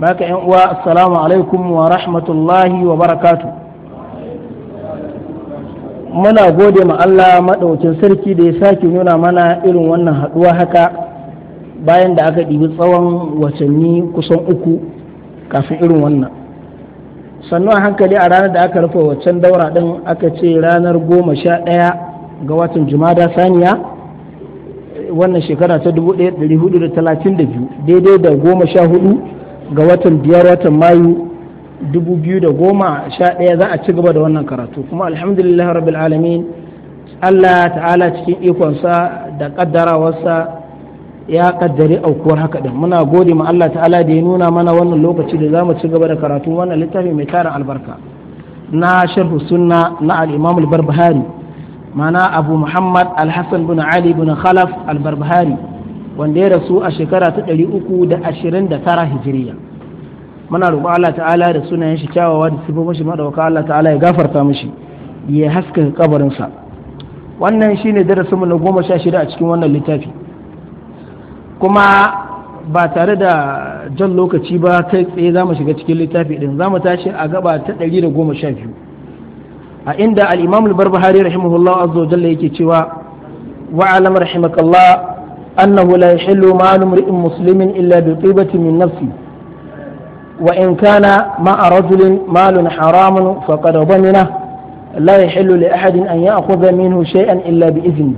baka yan uwa assalamu alaikum wa rahmatullahi wa barakatu muna gode ma Allah maɗaukin sarki da ya sake nuna mana irin wannan haɗuwa haka bayan da aka ɗibi tsawon watanni kusan uku kafin irin wannan sannu a hankali a ranar da aka rufe waccan daura ɗin aka ce ranar goma sha ɗaya ga watan jumada saniya wannan shekara ta 1432 daidai da goma sha hudu ga watan biyar watan mayu 2011 za a ci gaba da wannan karatu kuma alhamdulillah rabbil alamin Allah ta'ala cikin ikonsa da kaddarawarsa ya kaddari aukuwar haka din muna gode ma Allah ta'ala da ya nuna mana wannan lokaci da za mu ci gaba da karatu wannan littafi mai tara albarka na sharhu sunna na al-imam al-barbahari mana abu muhammad al-hasan bin ali bin khalaf al-barbahari wanda ya rasu a shekara ta ɗari uku da ashirin da tara hijiriya muna roƙon Allah ta'ala da sunayen shi kyawawa da sifofin shi madawaka Allah ta'ala ya gafarta mashi, ya haska kabarinsa wannan shi shine darasinmu na goma sha shida a cikin wannan littafi kuma ba tare da jan lokaci ba kai tsaye za mu shiga cikin littafi din za mu tashi a gaba ta ɗari da goma sha biyu a inda al'imamul barbahari rahimahullah azza wa jalla yake cewa wa alam rahimakallah أنه لا يحل مال امرئ مسلم إلا بطيبة من نفسه وإن كان مع رجل مال حرام فقد ضمنه لا يحل لأحد أن يأخذ منه شيئا إلا بإذنه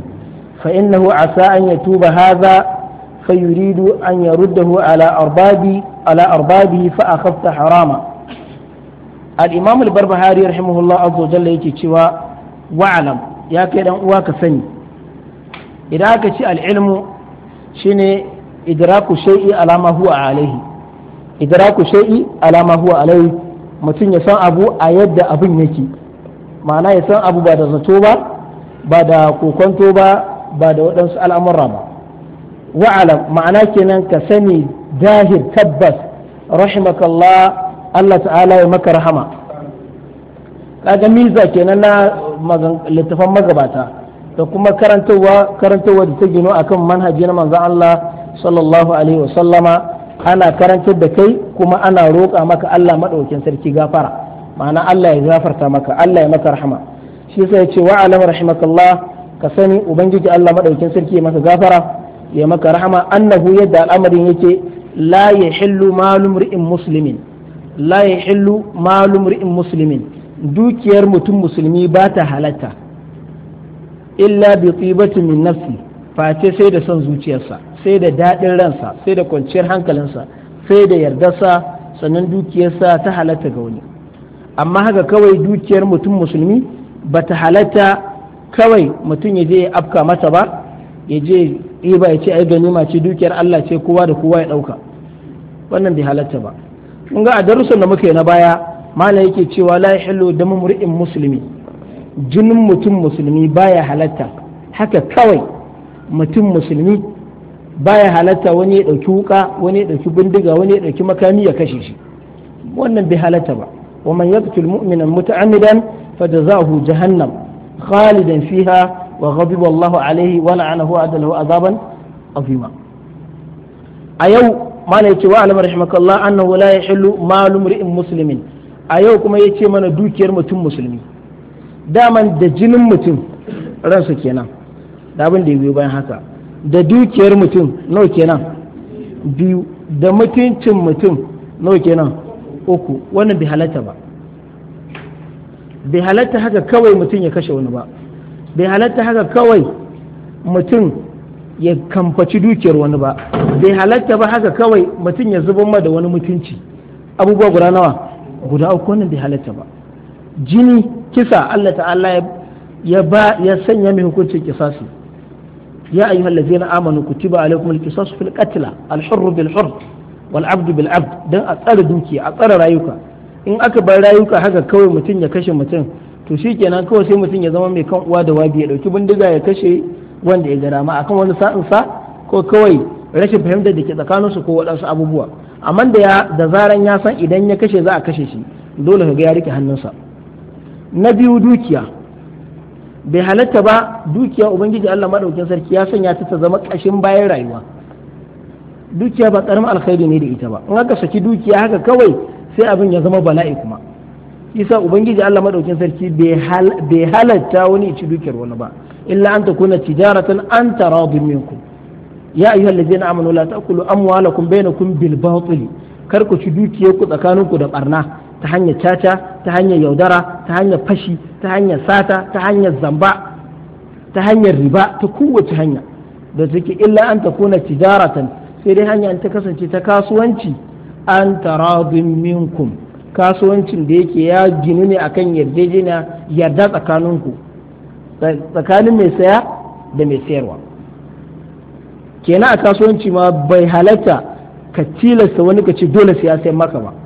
فإنه عسى أن يتوب هذا فيريد أن يرده على أربابه على أربابه فأخذت حراما الإمام البربهاري رحمه الله عز وجل يتشوى واعلم يا كيدان واكسني إذا كتي العلم shine idraku shay'i alama huwa alaihi idraku shay'i alama huwa alaihi mutum ya san abu a yadda abin yake ma'ana ya san abu ba da zato ba ba da kokonto ba ba da waɗansu al'amura ba wa'ala ma'ana kenan ka sani dahir tabbas rahimakallah Allah ta'ala ya maka rahama kaga miza kenan na littafan magabata da kuma karantarwa karantarwa da ta gino akan manhaji na manzon Allah sallallahu alaihi wasallama ana karantar da kai kuma ana roƙa maka Allah maɗaukin sarki gafara ma'ana Allah ya gafarta maka Allah ya maka rahama shi sai ya ce wa alam rahimakallah ka sani ubangiji Allah maɗaukin sarki ya maka gafara ya maka rahama annahu yadda al'amarin yake la yahillu malum ri'in muslimin la yahillu malum ri'in muslimin dukiyar mutum musulmi ba ta halatta illa bi tibati min nafsi face sai da son zuciyarsa sai da daɗin ransa sai da kwanciyar hankalinsa sai da yardarsa sannan dukiyarsa ta halatta ga wani amma haka kawai dukiyar mutum musulmi ba ta halatta kawai mutum ya je ya afka mata ba ya je ba ya ce ai ganima ce dukiyar Allah ce kowa da kowa ya ɗauka wannan bai halatta ba mun ga a darussan da muka yi na baya malam yake cewa la yahillu da mur'in musulmi. jinin mutum musulmi baya halatta haka kawai mutum musulmi baya halatta wani ya ɗauki wuka wani ya ɗauki bindiga wani ya ɗauki makami ya kashe shi wannan bai halatta ba wa man yaqtul mu'mina muta'ammidan fadazahu jahannam khalidan fiha wa ghadiba Allahu alaihi wa la'anahu adalahu azaban azima a yau mana ce wa alamar rahimakallah annahu la yahillu malu imri'in muslimin a yau kuma yace mana dukiyar mutum musulmi daman da jinin mutum ransa kenan da abin da ya biyo bayan haka da dukiyar mutum nawa kenan biyu da mutuncin mutum nawa kenan uku wannan bai halatta ba bai halatta haka kawai mutum ya kashe wani ba bai halatta haka kawai mutum ya kamfaci dukiyar wani ba bai halatta ba haka kawai mutum ya zubar ma da wani mutunci abubuwa guda nawa guda uku wannan bai halatta ba jini kisa Allah ta'ala ya ba ya sanya mai hukuncin kisasi ya ayyuhal ladzina amanu kutiba alaykumul qisasu fil qatl al bil hurr wal abd bil abd dan a tsara dukiya a tsara rayuka in aka bar rayuka haka kawai mutum ya kashe mutum to shi kenan kawai sai mutum ya zama mai kan uwa da wabi ya dauki bindiga ya kashe wanda ya ga ma akan wani sa'in sa ko kawai rashin fahimtar da ke tsakanin su ko waɗansu abubuwa amma da da zaran ya san idan ya kashe za a kashe shi dole ka ga ya rike hannunsa na biyu dukiya bai halatta ba dukiya ubangiji Allah madaukin sarki ya sanya ta ta zama ƙashin bayan rayuwa dukiya ba karamin alkhairi ne da ita ba in aka saki dukiya haka kawai sai abin ya zama bala'i kuma isa ubangiji Allah madaukin sarki bai halatta wani ci dukiyar wani ba illa an takuna tijaratan an taradun minkum ya ayyuhal ladina amanu la ta'kulu amwalakum bainakum bil batil kar ku ci dukiyar ku tsakaninku da barna ta hanyar caca ta hanyar yaudara ta hanyar fashi ta hanyar sata ta hanyar zamba ta hanyar riba ta kowace hanya da take illa an ta kuna tijaratan sai dai hanya ta kasance ta kasuwanci an taradin minkum kasuwancin da yake ya ginu ne akan yarjejeniya yarda ku tsakanin mai saya da mai sayarwa kenan a kasuwanci ma bai halatta ka tilasta wani ka ce dole sai ya sayar maka ba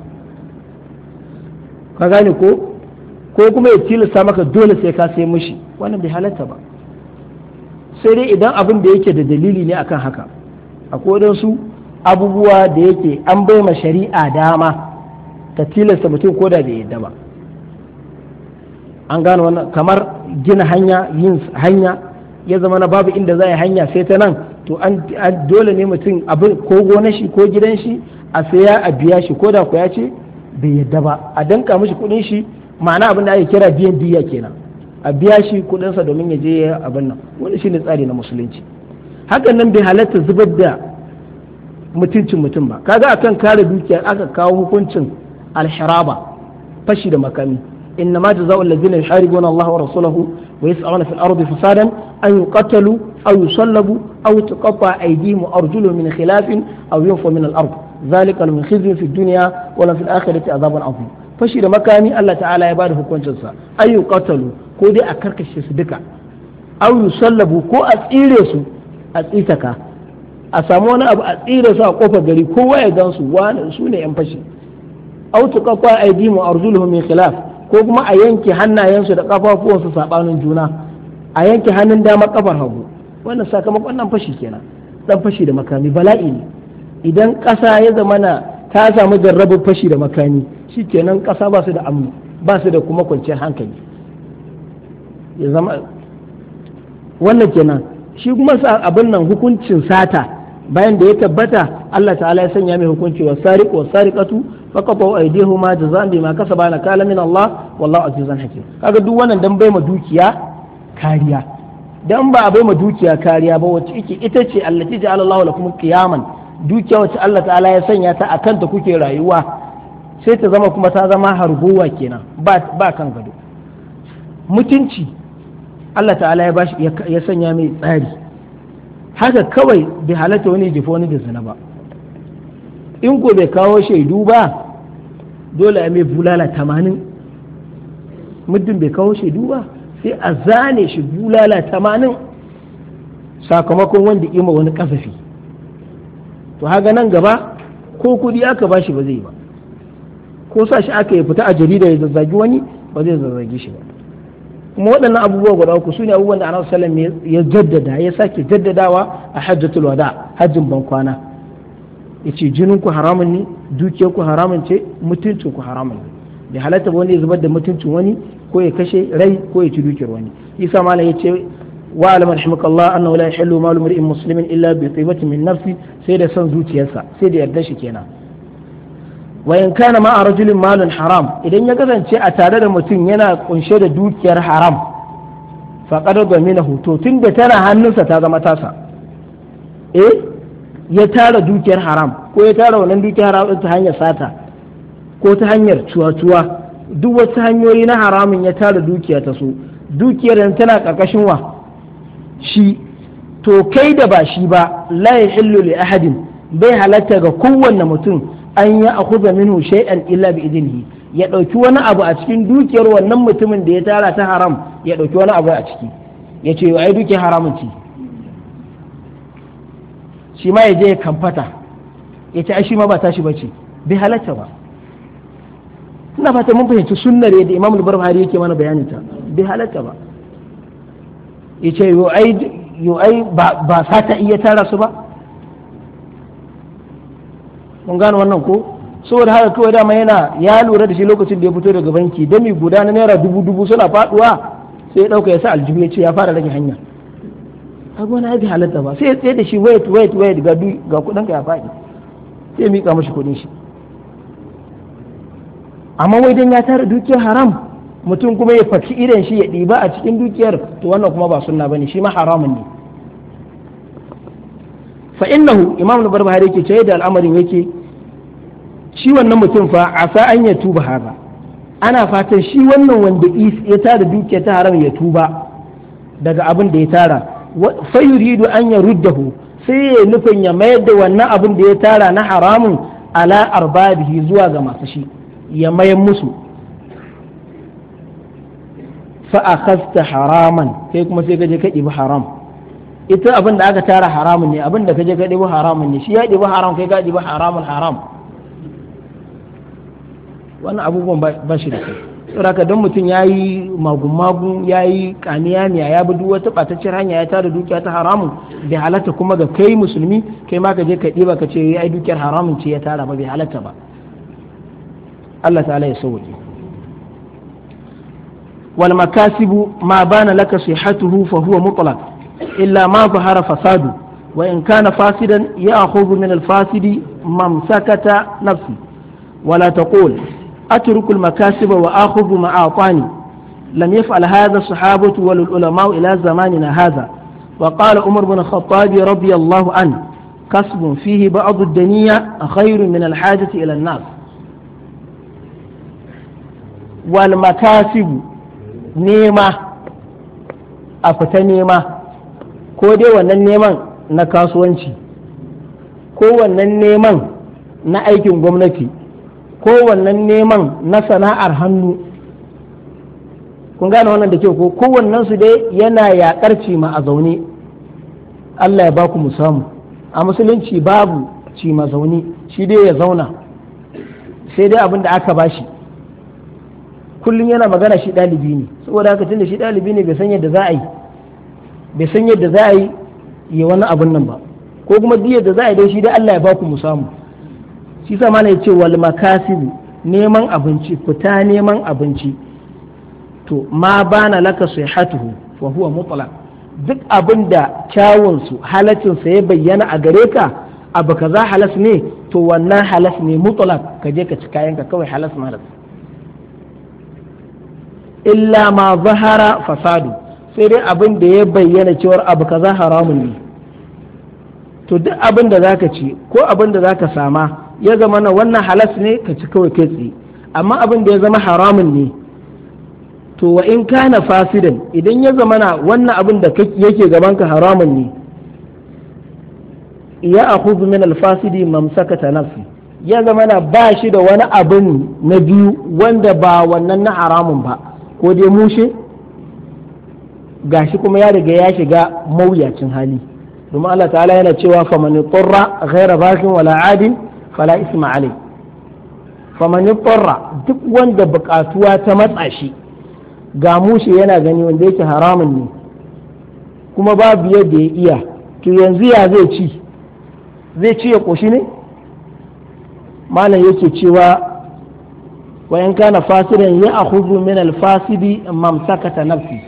ka gane ko ko kuma ya tilasta maka dole sai ka sai mushi wannan bai halatta ba sai dai idan abin da yake da dalili ne akan haka akwai wadansu abubuwa da yake an bai ma shari'a dama ta tilasta mutum ko da bai yadda ba an gane wannan kamar gina hanya yin hanya ya zama na babu inda za a yi hanya sai ta nan to an dole ne mutum abin ko gonar shi ko gidan shi a saya a biya shi ko da ku ya ce bai yadda ba a danka mishi kuɗin shi ma'ana abin da ake kira biyan diya kenan a biya shi kuɗinsa domin ya je ya abin nan wani shine tsari na musulunci hakan nan bai halatta zubar da mutuncin mutum ba kaga akan kare dukiya aka kawo hukuncin alharaba fashi da makami إنما جزاء الذين يحاربون الله ورسوله ويسعون في الأرض فسادا أن يقتلوا أو يصلبوا أو تقطع أيديهم وأرجلهم a خلاف أو ينفوا من الأرض zalikal khizyun fid dunya wala fil akhirati azabun azim fashi da makami Allah ta'ala ya bada hukuncin sa ayu qatalu ko dai a karkashe su duka Audu yusallabu ko a tsire su a tsitaka a samu wani abu a tsire su a kofar gari kowa ya gan su ne yan fashi Autu aw tuqatta aydimu arjuluhum min khilaf ko kuma a yanke hannayensu da kafafuwansu saɓanin juna a yanke hannun dama kafar hagu wannan sakamakon nan fashi kenan dan fashi da makami bala'i ne idan ƙasa ya zamana ta samu jarrabar fashi da makami shikenan ƙasa ba su da amma ba su da kuma kwanciyar hankali ya zama wannan kenan shi kuma abin nan hukuncin sata bayan da ya tabbata Allah ta'ala ya sanya mai hukunci wa sariq wa sariqatu faqatu aydihuma jazaan bima kasaba na kala min Allah wallahu azizun hakim kaga duk wannan dan bai ma dukiya kariya dan ba a bai ma dukiya kariya ba wacce ita ce allati ja'ala lakum qiyaman dukiya wacce Allah ta'ala ya sanya ta a kanta kuke rayuwa sai ta zama kuma ta zama harguwa kenan ba kan gado mutunci Allah ta'ala ya sanya mai tsari haka kawai bai halatta wani jefa wani da zina ba in ko bai kawo shaidu ba dole a mai bulala tamanin muddin bai kawo shaidu ba sai a zane shi bulala tamanin sakamakon wanda ima wani kasafi to haga nan gaba ko kuɗi aka bashi ba zai ba ko sa shi aka ya fita a jarida ya zazzagi wani ba zai zazzagi shi ba kuma waɗannan abubuwa guda uku sune abubuwan da annabi sallam ya jaddada ya sake jaddadawa a hajjatul wada hajjin ban kwana yace jinin ku haramun ne dukiyar ku haramun ce mutuncin ku haramun ne bai halatta wani ya zubar da mutuncin wani ko ya kashe rai ko ya ci dukiyar wani isa malam ya ce واعلم رحمك الله انه لا يحل مال امرئ مسلم الا sai من نفسه سيد سن da سيد يردش kenan wayan kana ma a rajulin malin haram idan ya kasance a tare da mutum yana kunshe da dukiyar haram faƙar domina hoto tun da tana hannunsa ta zama tasa eh ya tara dukiyar haram ko ya tara wannan dukiyar haram ta hanyar sata ko ta hanyar cuwa-cuwa duk wasu hanyoyi na haramun ya tara dukiya ta su dukiyar tana ƙarƙashin wa shi to kai da ba shi ba la yahillu li ahadin bai halatta ga kowanne mutum an ya akhudha minhu shay'an illa bi idnihi ya dauki wani abu a cikin dukiyar wannan mutumin da ya tara ta haram ya dauki wani abu a ciki ya ce ai duke haramun ci shi ma ya je ya kamfata ya ce ai shi ma ba tashi bace bai halatta ba ina fata mun fahimci sunnar yadda imam al-barbahari yake mana bayanin ta bai halatta ba yace yo ai ba sata iya tara su ba mun gano wannan ko saboda haka kawai dama yana ya lura da shi lokacin da ya fito daga banki dami guda na naira dubu dubu suna faduwa sai ya dauka ya sa aljihu ya ce ya fara rage hanya abu na bi halatta ba sai ya tsaye da shi wait wait wait ga du ga kudin ka ya faɗi sai ya mika mashi kudin shi amma wai dan ya tara dukiyar haram mutum kuma ya faci idan shi ya ɗiba a cikin dukiyar to wannan kuma ba sunna bane shi ma haramun ne fa innahu imam al-barbahari yake cewa da al'amarin yake shi wannan mutum fa asa an ya tuba haza ana fatan shi wannan wanda ya tara dukiyar ta haram ya tuba daga abin da ya tara fa yuridu an ya ruddahu sai ya nufin ya mayar da wannan abin da ya tara na haramun ala arbabihi zuwa ga masu shi ya mayar musu fa'akasta haraman kai kuma sai kaje ka ɗibi haram ita abin da aka tara haramun ne abin da ka ka ɗibi haramun ne shi ya ɗibi haram kai ka ɗibi haramun haram wannan abubuwan ba shi da kai saboda don mutum ya yi magun-magun ya yi kaniyaniya ya bi duk wata ɓataccen hanya ya tara dukiya ta haramun bai halatta kuma ga kai musulmi kai ma ka je ka ɗiba ka ce ya yi dukiyar haramun ce ya tara ba bai halatta ba Allah ta'ala ya sauke wal makasibu ma bana laka sihatuhu fa huwa mutlaq illa ma zahara fasadu wa in kana fasidan ya'khudhu min al fasidi mamsakata nafsi wala taqul أترك المكاسب وآخذ ما أعطاني لم يفعل هذا الصحابة ولا العلماء إلى زماننا هذا وقال عمر بن الخطاب رضي الله عنه كسب فيه بعض الدنيا خير من الحاجة إلى الناس والمكاسب nema a fita nema ko dai wannan neman na kasuwanci ko wannan neman na aikin gwamnati ko wannan neman na sana'ar hannu kun gane wannan da kyau ko su dai yana yaƙar cima a zaune allah ya ba ku mu samu a musulunci babu cima zaune shi dai ya zauna sai dai abin da aka bashi kullum yana magana shi ɗalibi ne saboda haka tunda shi ɗalibi ne bai san yadda za a yi bai san yadda za a yi ya wani abun nan ba ko kuma duk yadda za a yi dai shi dai Allah ya ba ku mu shi sa malai ce wal makasibu neman abinci fita neman abinci to ma bana laka sihatuhu fa huwa mutlaq duk abin da kyawun su halacin sa ya bayyana a gare ka abu kaza halas ne to wannan halas ne mutlaq kaje je ka ci kayan kawai halas malas illa ma zahara fasadu sai dai abin da ya bayyana cewar abu kaza haramun ne to duk abin da zaka ci ko abin da zaka sama ya zama na wannan halas ne ka ci kawai kai tsaye amma abin da ya zama haramun ne to wa in kana fasidan idan ya zama na wannan abin da yake gaban ka haramun ne ya akhudhu min al-fasidi mamsakata nafsi ya zama na ba da wani abin na biyu wanda ba wannan na haramun ba ko dai mushe gashi kuma ya riga ya shiga mawuyacin hali domin Allah ta'ala yana cewa faman qurra ghaira bakin wala adin fala isma alai faman qurra duk wanda bukatuwa ta matsa shi ga mushe yana gani wanda yake haramun ne kuma babu yadda ya iya to yanzu ya zai ci zai ci ya koshi ne malam yake cewa wa in kana fasidan ya akhudhu min al-fasidi mamsakata nafsi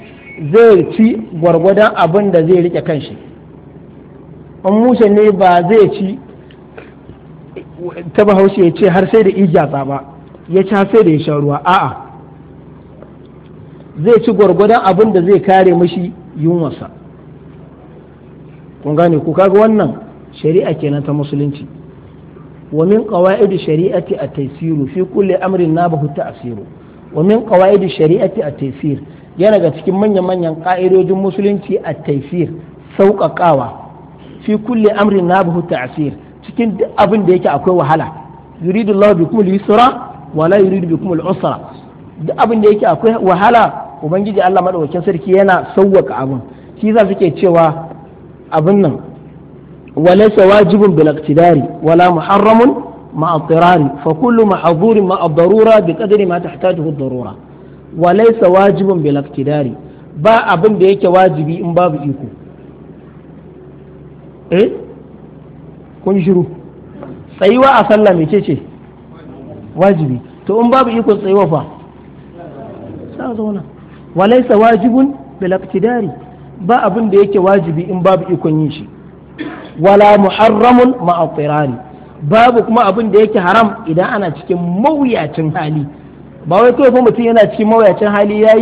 zai ci gwargwadon abin da zai rike kanshi in musa ne ba zai ci ta bahaushe ya ce har sai da ijatsa ba ya ci har sai da ya ruwa a'a zai ci gwargwadon abin da zai kare mashi yunwasa. kun gane ku kaga wannan shari'a kenan ta musulunci ومن قواعد الشريعة التيسير في كل أمر نابه التأثير ومن قواعد الشريعة التيسير yana ga cikin manya-manyan ƙa'idojin musulunci a taifir sauƙaƙawa fi kulle amrin na buhu ta'asir cikin duk abin da yake akwai wahala yuridu Allah bi kuma yusra wala yuridu bi kuma usra duk abin da yake akwai wahala ubangiji Allah madaukakin sarki yana sauƙaƙa abin shi za suke cewa abin nan وليس واجب بالاقتدار ولا محرم مع اضطرار فكل محظور مع الضرورة بقدر ما تحتاجه الضرورة وليس واجب بالاقتدار ba abinda yake wajibi in babu iko eh a sallah mece wajibi to in babu iko tsayuwa fa sa zauna walaisa ba abin yake wajibi in babu ikon yin shi wala muharramun ma'afirani babu kuma abin da yake haram idan ana cikin mawuyacin hali ba wai kawai mutum yana cikin mawuyacin hali ya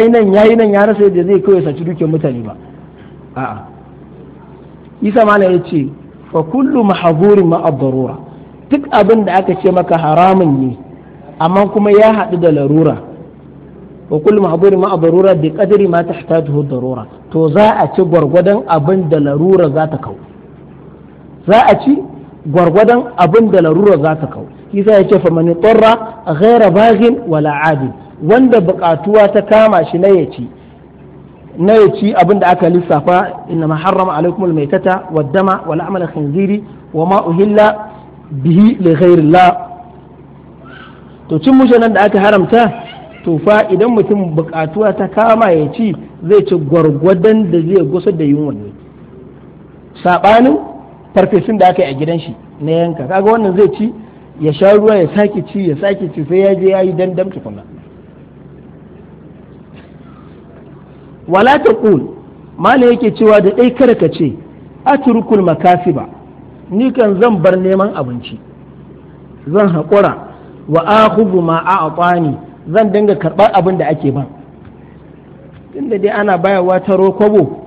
yi nan ya yi nan ya rasa yadda zai kawai saci dukiyar mutane ba a'a isa mala ya ce fa kullu mahzurin ma'a duk abin da aka ce maka haramun ne amma kuma ya haɗu da larura wa kullu mahburin ma abarura bi qadri ma tahtajuhu darura to za a ci gwargwadon abin da larura za ta kau za a ci gwargwadon abin da larura za ta kau kisa ya ce faman tarra ghaira baghin wala adil wanda buƙatuwa ta kama shi na yaci na yaci abin da aka lissafa inna ma harrama alaikumul maitata waddama dama wal amal khinziri wa ma uhilla bihi li ghairillah to cin mushe nan da aka haramta to fa idan mutum bukatuwa ta kama ya ci zai ci gwargwadon da zai gusa da yunwa ne saɓanin farfesun da aka yi a gidan shi na yanka kaga wannan zai ci ya sha ruwa ya sake ci ya sake ci sai ya je ya yi dandam tukuna wala taqul mala yake cewa da ɗai kar ka ce makasi makasiba ni kan zan bar neman abinci zan haƙura wa akhudhu ma ƙwani zan dinga karɓar abin da ake ban inda dai ana bayarwa ta kobo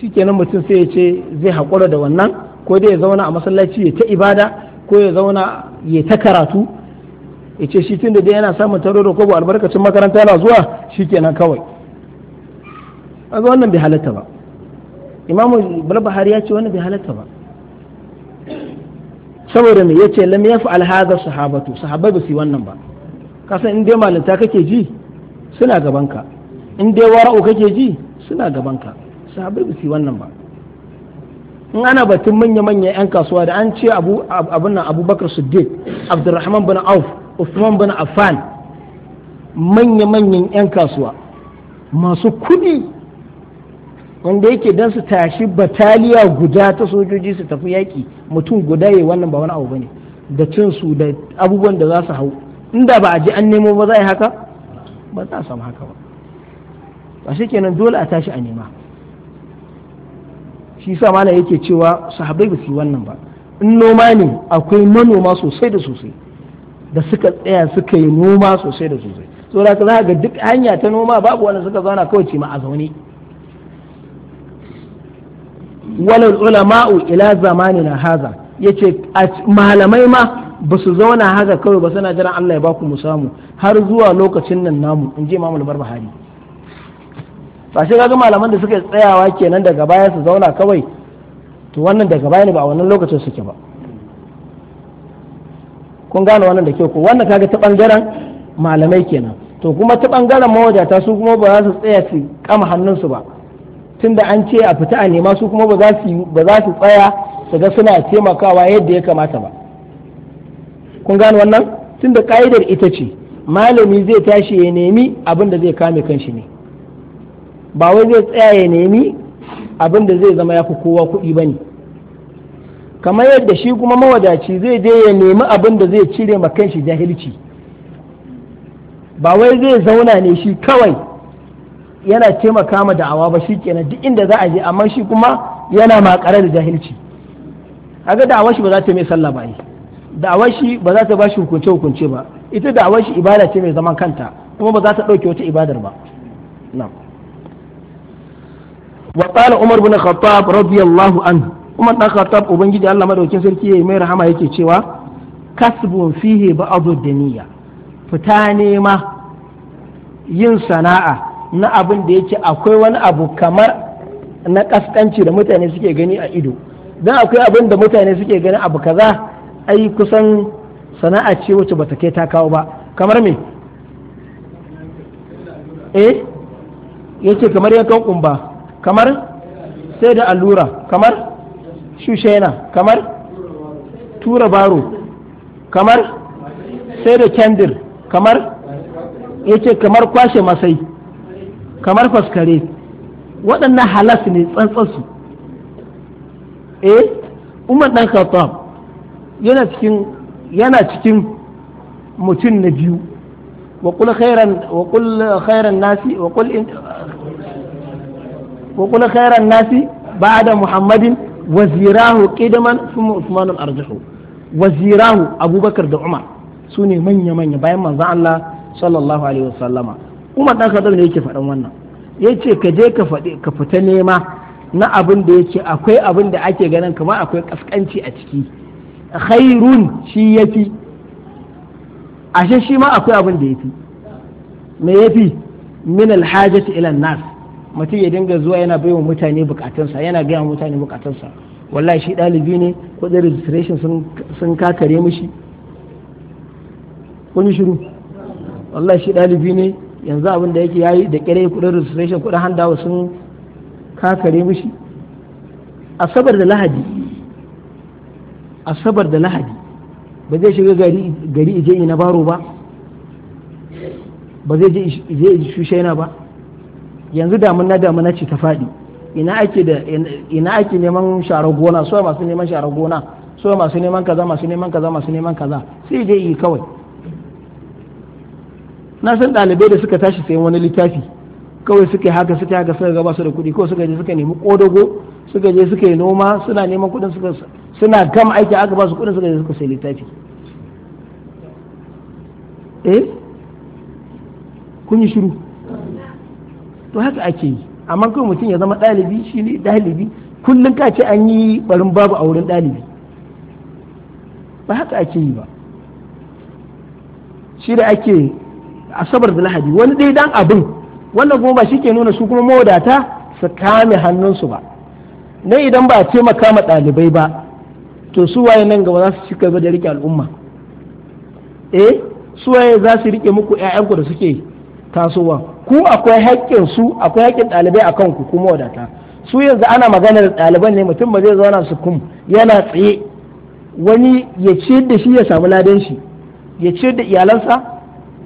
shikenan mutum sai ya ce zai haƙura da wannan ko dai ya zauna a masallaci ya ta ibada ko ya zauna ya ta karatu ya ce shi tun da dai yana samun taro da kobo albarkacin makaranta na zuwa shikenan kawai kaga wannan bai halatta ba imamu barbahari ya ce wannan bai halatta ba saboda me yace lam yaf'al hadha sahabatu sahabbai ba su yi wannan ba kasan in dai malinta kake ji suna gabanka in dai wara'u kake ji suna gabanka sahabbai ba su wannan ba in ana batun manya-manya 'yan kasuwa da an ce abun nan abubakar siddiq abdurrahman bin auf usman bin affan manya-manyan 'yan kasuwa masu kudi wanda yake don su tashi bataliya guda ta sojoji su tafi yaƙi mutum guda ya wannan ba wani abu bane da cinsu da abubuwan da za su hau inda ba a ji an nemo ba za a yi haka ba za a samu haka ba ba shi kenan dole a tashi a nema shi sa mana yake cewa sahabai ba su yi wannan ba in noma ne akwai manoma sosai da sosai da suka tsaya suka yi noma sosai da sosai so da za ga duk hanya ta noma babu wanda suka zauna kawai ce ma a zaune walal ulama'u ila zamanina haza yace malamai ma ba su zauna haka kawai ba suna jiran Allah ya baku mu samu har zuwa lokacin nan namu in je Imam Barbahari ba shi ga malaman da suka tsayawa kenan daga baya su zauna kawai to wannan daga baya ne ba a wannan lokacin suke ba kun gane wannan da kyau ko wannan kaga ta bangaren malamai kenan to kuma ta bangaren mawajata su kuma ba za su tsaya su kama hannunsu ba tunda an ce a fita a nema su kuma ba za su tsaya su ga suna taimakawa yadda ya kamata ba kun gane wannan da ka'idar ita ce malami zai tashi ya nemi abin da zai kame kanshi ne ba wai zai tsaya ya nemi abin da zai zama ya fi kowa kuɗi ba ne kamar yadda shi kuma mawadaci zai je ya nemi abin da zai cire ma kanshi jahilci ba wai zai zauna ne shi kawai yana taimaka ma da'awa ba shi kenan duk inda za a je amma shi kuma yana makarar da jahilci kaga da'awar shi ba za ta mai sallah ba ne da'awar shi ba za ta ba shi hukunce hukunce ba ita da'awar shi ibada ce mai zaman kanta kuma ba za ta ɗauke wata ibadar ba na'am wa qala umar bin khattab radiyallahu anhu umar dan khattab ubangiji Allah madaukakin sarki yayi mai rahama yake cewa kasbun fihi ba'dhu duniya fita nema yin sana'a na abin da yake akwai wani abu kamar na kaskanci da mutane suke gani a ido dan akwai abin da mutane suke gani abu kaza ai kusan sana'a ce wacce bata kai ta kawo ba kamar me eh yace kamar yankan kumba kamar sai da allura kamar shushena kamar tura baro kamar sai da kendir kamar yace kamar kwashe masai kamar faskare waɗannan halas ne tsantsansu eh umar dan khattab yana cikin yana cikin mutum na biyu wa kul khairan wa khairan nasi wa kul wa kul khairan nasi ba'da muhammadin wazirahu qidaman thumma usman al-arjahu wazirahu abubakar da umar su ne manya manya bayan manzo Allah sallallahu alaihi wasallama umar dan kadar ne yake faɗan wannan yace ka je ka faɗi ka fita nema na abin da yake akwai abin da ake ganin kamar akwai kaskanci a ciki khairun shi yafi ashe shi ma akwai abin da yafi me yafi min alhajati ila nas mutum ya dinga zuwa yana baiwa mutane bukatunsa yana gaya mutane bukatunsa wallahi shi dalibi ne kudin registration sun kakare mishi kun shiru wallahi shi dalibi ne yanzu abin da yake yayi da kere kudin registration kudin handawa sun kakare mishi asabar da lahadi asabar da lahadi ba zai shiga gari je ina baro ba ba zai je shushe na ba yanzu damuna damuna ce ta faɗi ina ake neman sharar gona so masu neman sharar gona so masu neman kaza masu neman kaza masu neman kaza sai je yi kawai na san ɗalibai da suka tashi sayan wani littafi kawai suka haka suka haka suka gaba su da kuɗi ko suka je suka nemi ƙodago suka je suka yi noma suna neman kuɗin suka suna kama aiki aka ba su kudin suka je suka sai littafi eh kun yi shiru to haka ake yi amma kai mutum ya zama ɗalibi shi ne ɗalibi kullum ka ce an yi barin babu a wurin ɗalibi ba haka ake yi ba shi da ake asabar da lahadi wani dai dan abin wannan kuma ba shi ke nuna su kuma mawadata su kame hannunsu ba na idan ba a taimaka ma ɗalibai ba to su waye nan gaba za su ci gaba da rike al'umma eh su waye za su rike muku ƴaƴanku da suke tasowa ku akwai haƙƙin su akwai haƙƙin ɗalibai a kanku kuma wadata su yanzu ana maganar ɗaliban ne mutum ba zai zauna su kum yana tsaye wani ya ce da shi ya samu ladan shi ya ce da iyalansa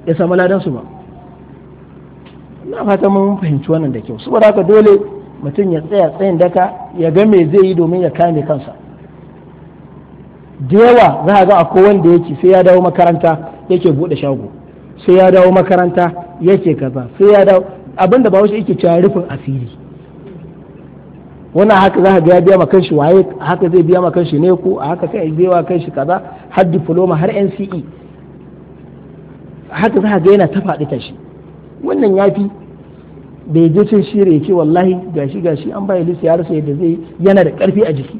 ya samu ladan su ba Na fata mun fahimci wannan da kyau saboda haka dole mutum ya tsaya tsayin daka ya ga me zai yi domin ya kame kansa da yawa za a ga akwai wanda yake sai ya dawo makaranta yake bude shago sai ya dawo makaranta yake kaza sai ya dawo abinda ba wasu yake cewa rufin asiri wannan haka za ka ga ya biya ma kanshi waye haka zai biya ma kanshi ne ko a haka sai biya wa kanshi kaza har diploma har NCE haka za ka ga yana ta faɗi ta shi wannan yafi bai je cin shire ya ce wallahi gashi gashi an baya lissa ya rasa yadda zai yana da ƙarfi a jiki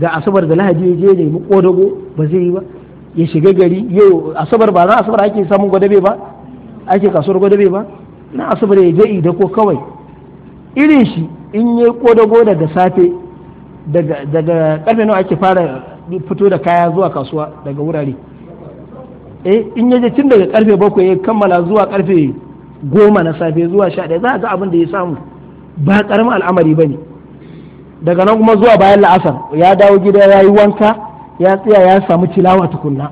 ga asabar da lahadi ya je nemi kodago ba zai yi ba ya shiga gari yau asabar ba na asabar ake samun gwadabe ba ake kasuwar gwadabe ba na asabar ya je ida ko kawai irin shi in yi kodago daga safe daga karfe nawa ake fara fito da kaya zuwa kasuwa daga wurare eh in yaje tun daga karfe bakwai ya kammala zuwa karfe goma na safe zuwa sha ɗaya za a ga abin da ya samu ba karamin al'amari ba ne daga nan kuma zuwa bayan la'asar ya dawo gida ya yi wanka ya tsaya ya samu cilawa tukunna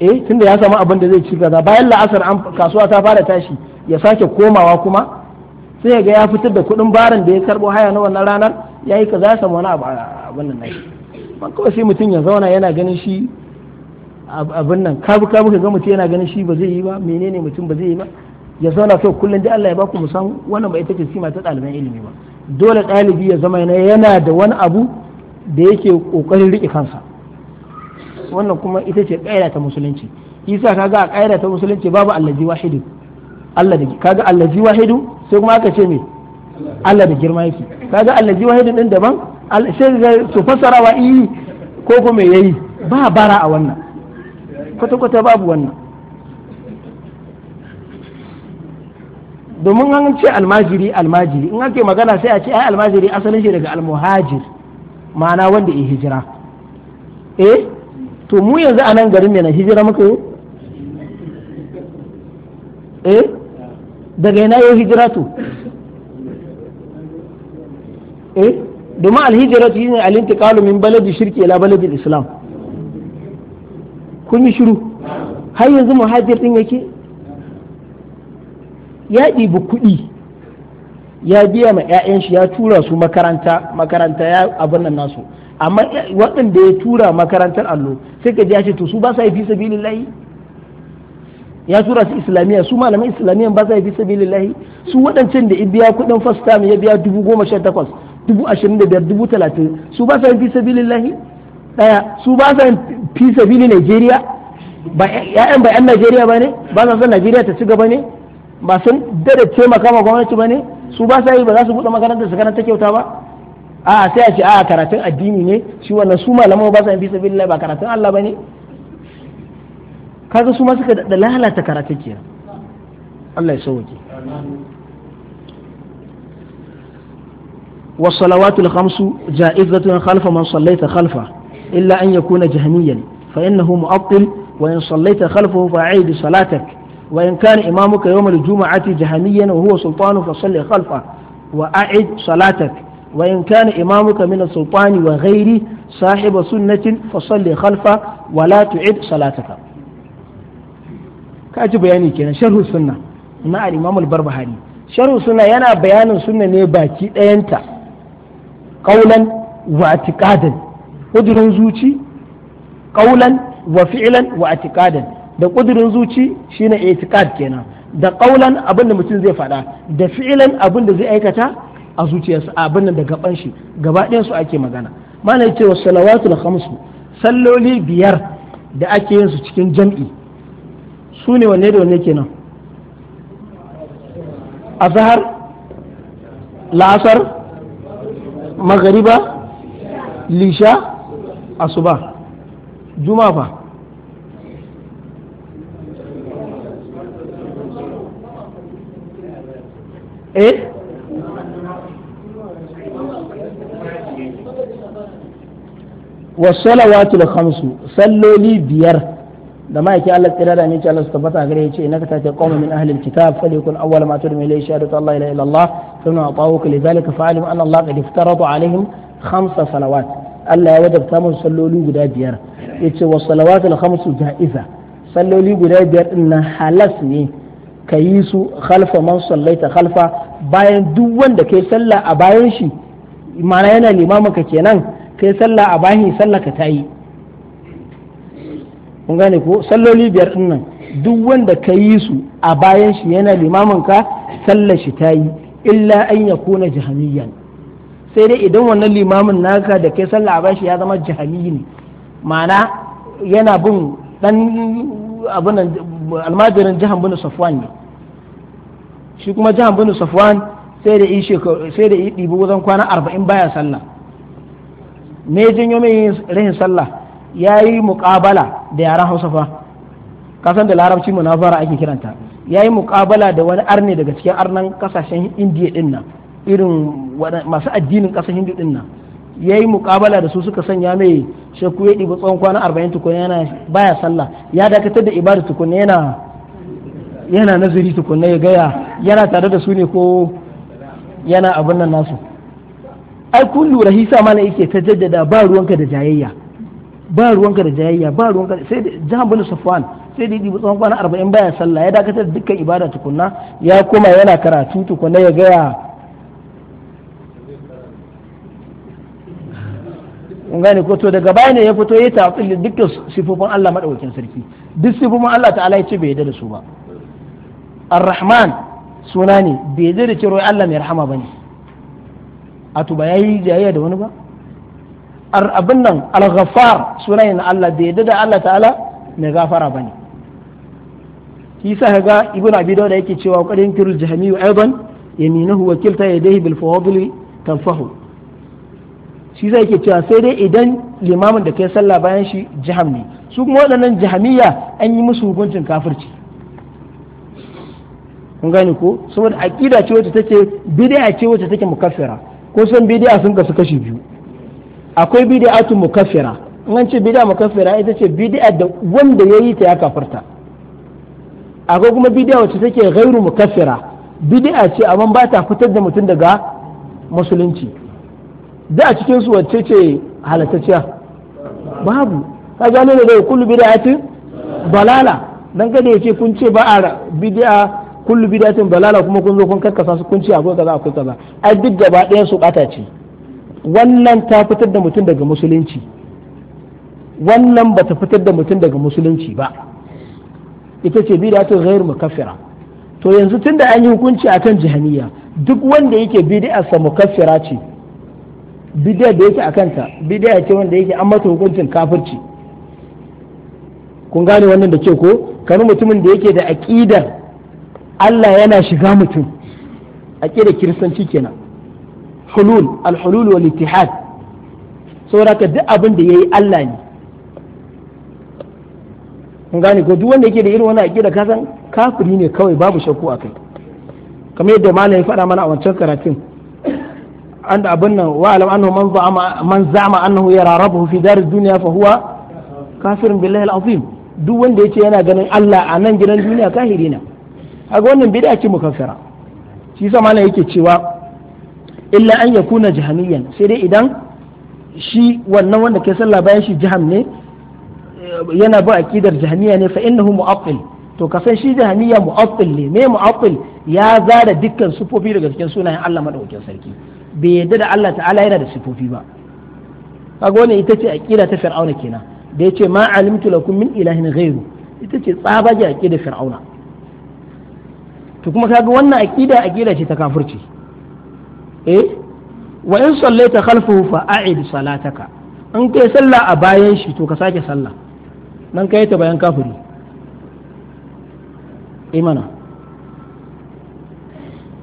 eh tunda ya samu abin da zai ci gaza bayan la'asar an kasuwa ta fara tashi ya sake komawa kuma sai ga ya fitar da kuɗin barin da ya karbo haya na wannan ranar ya yi kaza ya samu wani abu abin nan nashi ban kawai sai mutum ya zauna yana ganin shi abin nan kabu kabu ka ga mutum yana ganin shi ba zai yi ba menene mutum ba zai yi ba ya zauna kai kullum da Allah ya baku mu san wannan ba ita ce sima ta ɗaliban ilimi ba dole ɗalibi ya zama yana da wani abu da yake ƙoƙarin riƙe kansa wannan kuma ita ce ƙaira ta musulunci isa kaga a ƙaira ta musulunci babu allazi wahidu Allah da kaga allazi wahidu sai kuma aka ce me Allah da girma yake kaga allazi wahidu din daban sai su fassara wa yi ko kuma yayi ba bara a wannan kwata-kwata babu wannan domin an ce almajiri almajiri in ake magana sai a ce ai almajiri asalin shi daga almuhajir ma'ana wanda ya hijira eh to mu yanzu a nan garin ne na hijira muka yi eh daga ina yau hijira to eh domin alhijira shi ne alintiqalu min baladi shirki ila baladi islam kun yi shiru har yanzu muhajir din yake ya ɗibi kuɗi ya biya ma 'ya'yan shi ya tura su makaranta makaranta ya abin nan nasu amma waɗanda ya tura makarantar allo sai ka ji ya ce to su ba sa yi fi sabilillahi ya tura su islamiyya su malaman islamiyya ba sa yi fi sabilillahi su waɗancan da biya kuɗin first time ya biya dubu goma sha takwas dubu ashirin da biyar dubu talatin su ba sa yi fi sabilillahi ɗaya su ba sa yi fi sabili Najeriya ba 'ya'yan ba 'yan Najeriya ba ne ba sa son Najeriya ta ci gaba ne ba sun dada taimaka ma gwamnati ba ne su ba sa yi ba za su buɗe makarantar su karanta kyauta ba a sai a ce a karatun addini ne shi wannan su malaman ba sa yi bisa billahi ba karatun Allah ba ne kaga su ma suka da lalata karatun kenan Allah ya sauke والصلوات khalfa جائزة خلف من صليت خلفه إلا أن يكون جهميا فإنه مؤطل وإن صليت خلفه فأعيد salatak. وإن كان إمامك يوم الجمعة جهميا وهو سلطان فصل خلفه وأعد صلاتك وإن كان إمامك من السلطان وغيره صاحب سنة فصل خلفه ولا تعد صلاتك kaji bayani kenan sharhu sunna na al-imam al-barbahari sharhu yana bayanin sunna ne baki ɗayanta qaulan wa atiqadan kudurin zuci wa fi'lan wa da ƙudurin zuci shine itiqad kenan da ƙaulan abin da mutum zai faɗa da fi'ilan abin da zai aikata a zuciyarsa abin da gaban shi gaba ɗaya su ake magana mana wasu wa salawatul khamsu salloli biyar da ake yin su cikin jam'i su ne wanne da wanne kenan azhar la'asar magariba lisha asuba juma'a eh wasalawatul khamsu salloli biyar da ma'aiki Allah tsira da aminci Allah su tabbata gare yace innaka ta qawma min ahli alkitab falyakun awwal ma tudmi ilayhi shahadatu Allah ila illa Allah thumma atawuka lidhalika fa'alim anna Allah qad iftarada alaihim khamsa salawat Allah ya wajabta musu salloli guda biyar yace wasalawatul khamsu ja'iza salloli guda biyar din nan halas ne ka yi su khalfa man sallaita khalfa bayan duk wanda kai sallah a bayan shi mana yana limamin ka kenan kai sallah a bayan sallah ka ta yi kun gane ko salloli biyar din nan duk wanda ka yi su a bayan shi yana limamin ka sallar shi ta yi illa an ya kona jahamiyan sai dai idan wannan limamin naka da kai sallah a bayan shi ya zama jahami ne ma'ana yana bin dan abunan almajirin jihar bin safwan ne shi kuma jihar bin safwan sai da yi sai da yi ɗibi wajen kwana arba'in baya sallah me janyo mai rahin sallah ya yi muƙabala da yaran hausa fa kasan da larabci munafara ake kiranta ya yi muƙabala da wani arne daga cikin arnan kasashen indiya ɗin nan irin masu addinin ƙasar hindu ɗin nan ya yi muƙabala da su suka sanya mai shakku ya ɗibi tsawon kwana arba'in tukuna yana baya sallah ya dakatar da ibada tukuna yana yana nazari tukunna ya gaya yana tare da su ne ko yana abin nan nasu ai kun lura hisa mana yake ta jaddada ba ruwanka da jayayya ba ruwanka da jayayya ba ruwanka sai da jahan bin safwan sai da dibu tsawon kwana arba'in baya sallah ya dakatar da dukkan ibada tukunna ya koma yana karatu tukunna ya gaya kun gane ko to daga baya ne ya fito ya tafi dukkan sifofin Allah madaukakin sarki duk sifofin Allah ta'ala ya ce bai yarda da su ba ar-rahman suna ne bai zai da cewa Allah mai rahama bane a to ba yayi jayayya da wani ba abin nan al-ghaffar suna ne na Allah bai da Allah ta'ala mai gafara bane sa haga ibnu abi da yake cewa qadin kirul ban aidan yaminahu wa kilta yadayhi bil fawadli tanfahu shi zai yake cewa sai dai idan limamin da kai sallah bayan shi jaham ne su kuma waɗannan jahamiya an yi musu hukuncin kafirci kun gane ko saboda aqida ce wacce take bid'a ce wacce take mukaffira ko san bid'a sun kasu kashi biyu akwai bid'atu mukaffira in an ce bid'a mukaffira ita ce bid'a da wanda yayi ta ya kafarta akwai kuma bid'a wacce take ghairu mukaffira bid'a ce amma ba ta fitar da mutum daga musulunci da a cikin su wacce ce halatacciya babu ka gano da kullu bid'atin balala dan kada yace kun ce ba a bid'a kullu bidatin balala kuma kun zo kun karkasa su kun ce akwai kaza akwai kaza ai duk gaba ɗayan su ƙata ce wannan ta fitar da mutum daga musulunci wannan ta fitar da mutum daga musulunci ba ita ce bidatin ghairu mukaffira to yanzu tunda an yi hukunci akan jahaniya duk wanda yake bid'a sa mukaffira ce bid'a da yake akan ta bid'a ce wanda yake an mata hukuncin kafirci kun gane wannan da ke ko kamar mutumin da yake da aqidar Allah yana shiga mutum a kira kiristanci kenan hulul al-hulul wal ittihad saboda duk abin da yayi Allah ne kun gane ko duk wanda yake da irin wannan aqida ka san kafiri ne kawai babu shakku a kai kamar yadda malam ya faɗa mana a wancan karatun an da abin nan wa alam annahu man za'ama man za'ama annahu yara rabbahu fi darid dunya fa huwa kafirun billahi al-azim duk wanda yace yana ganin Allah a nan gidan duniya kafiri ne kaga wannan bid'a ce mukaffara shi yasa malam yake cewa illa an yakuna jahamiyan sai dai idan shi wannan wanda ke sallah bayan shi jaham ne yana ba akidar jahamiya ne fa innahu mu'attil to ka san shi jahamiya mu'attil ne me mu'attil ya zara dukkan sufofi daga cikin sunayen Allah madaukakin sarki bai yadda da Allah ta'ala yana da sufofi ba kaga wannan ita ce aqida ta fir'auna kenan da yace ma alimtu lakum min ilahin ghayru ita ce tsabage aqidar fir'auna to kuma kaga wannan aqida aqida ce ta kafirci eh wa in sallaita khalfahu fa a'id salataka in kai sallah a bayan shi to ka sake sallah nan kai ta bayan kafiri imana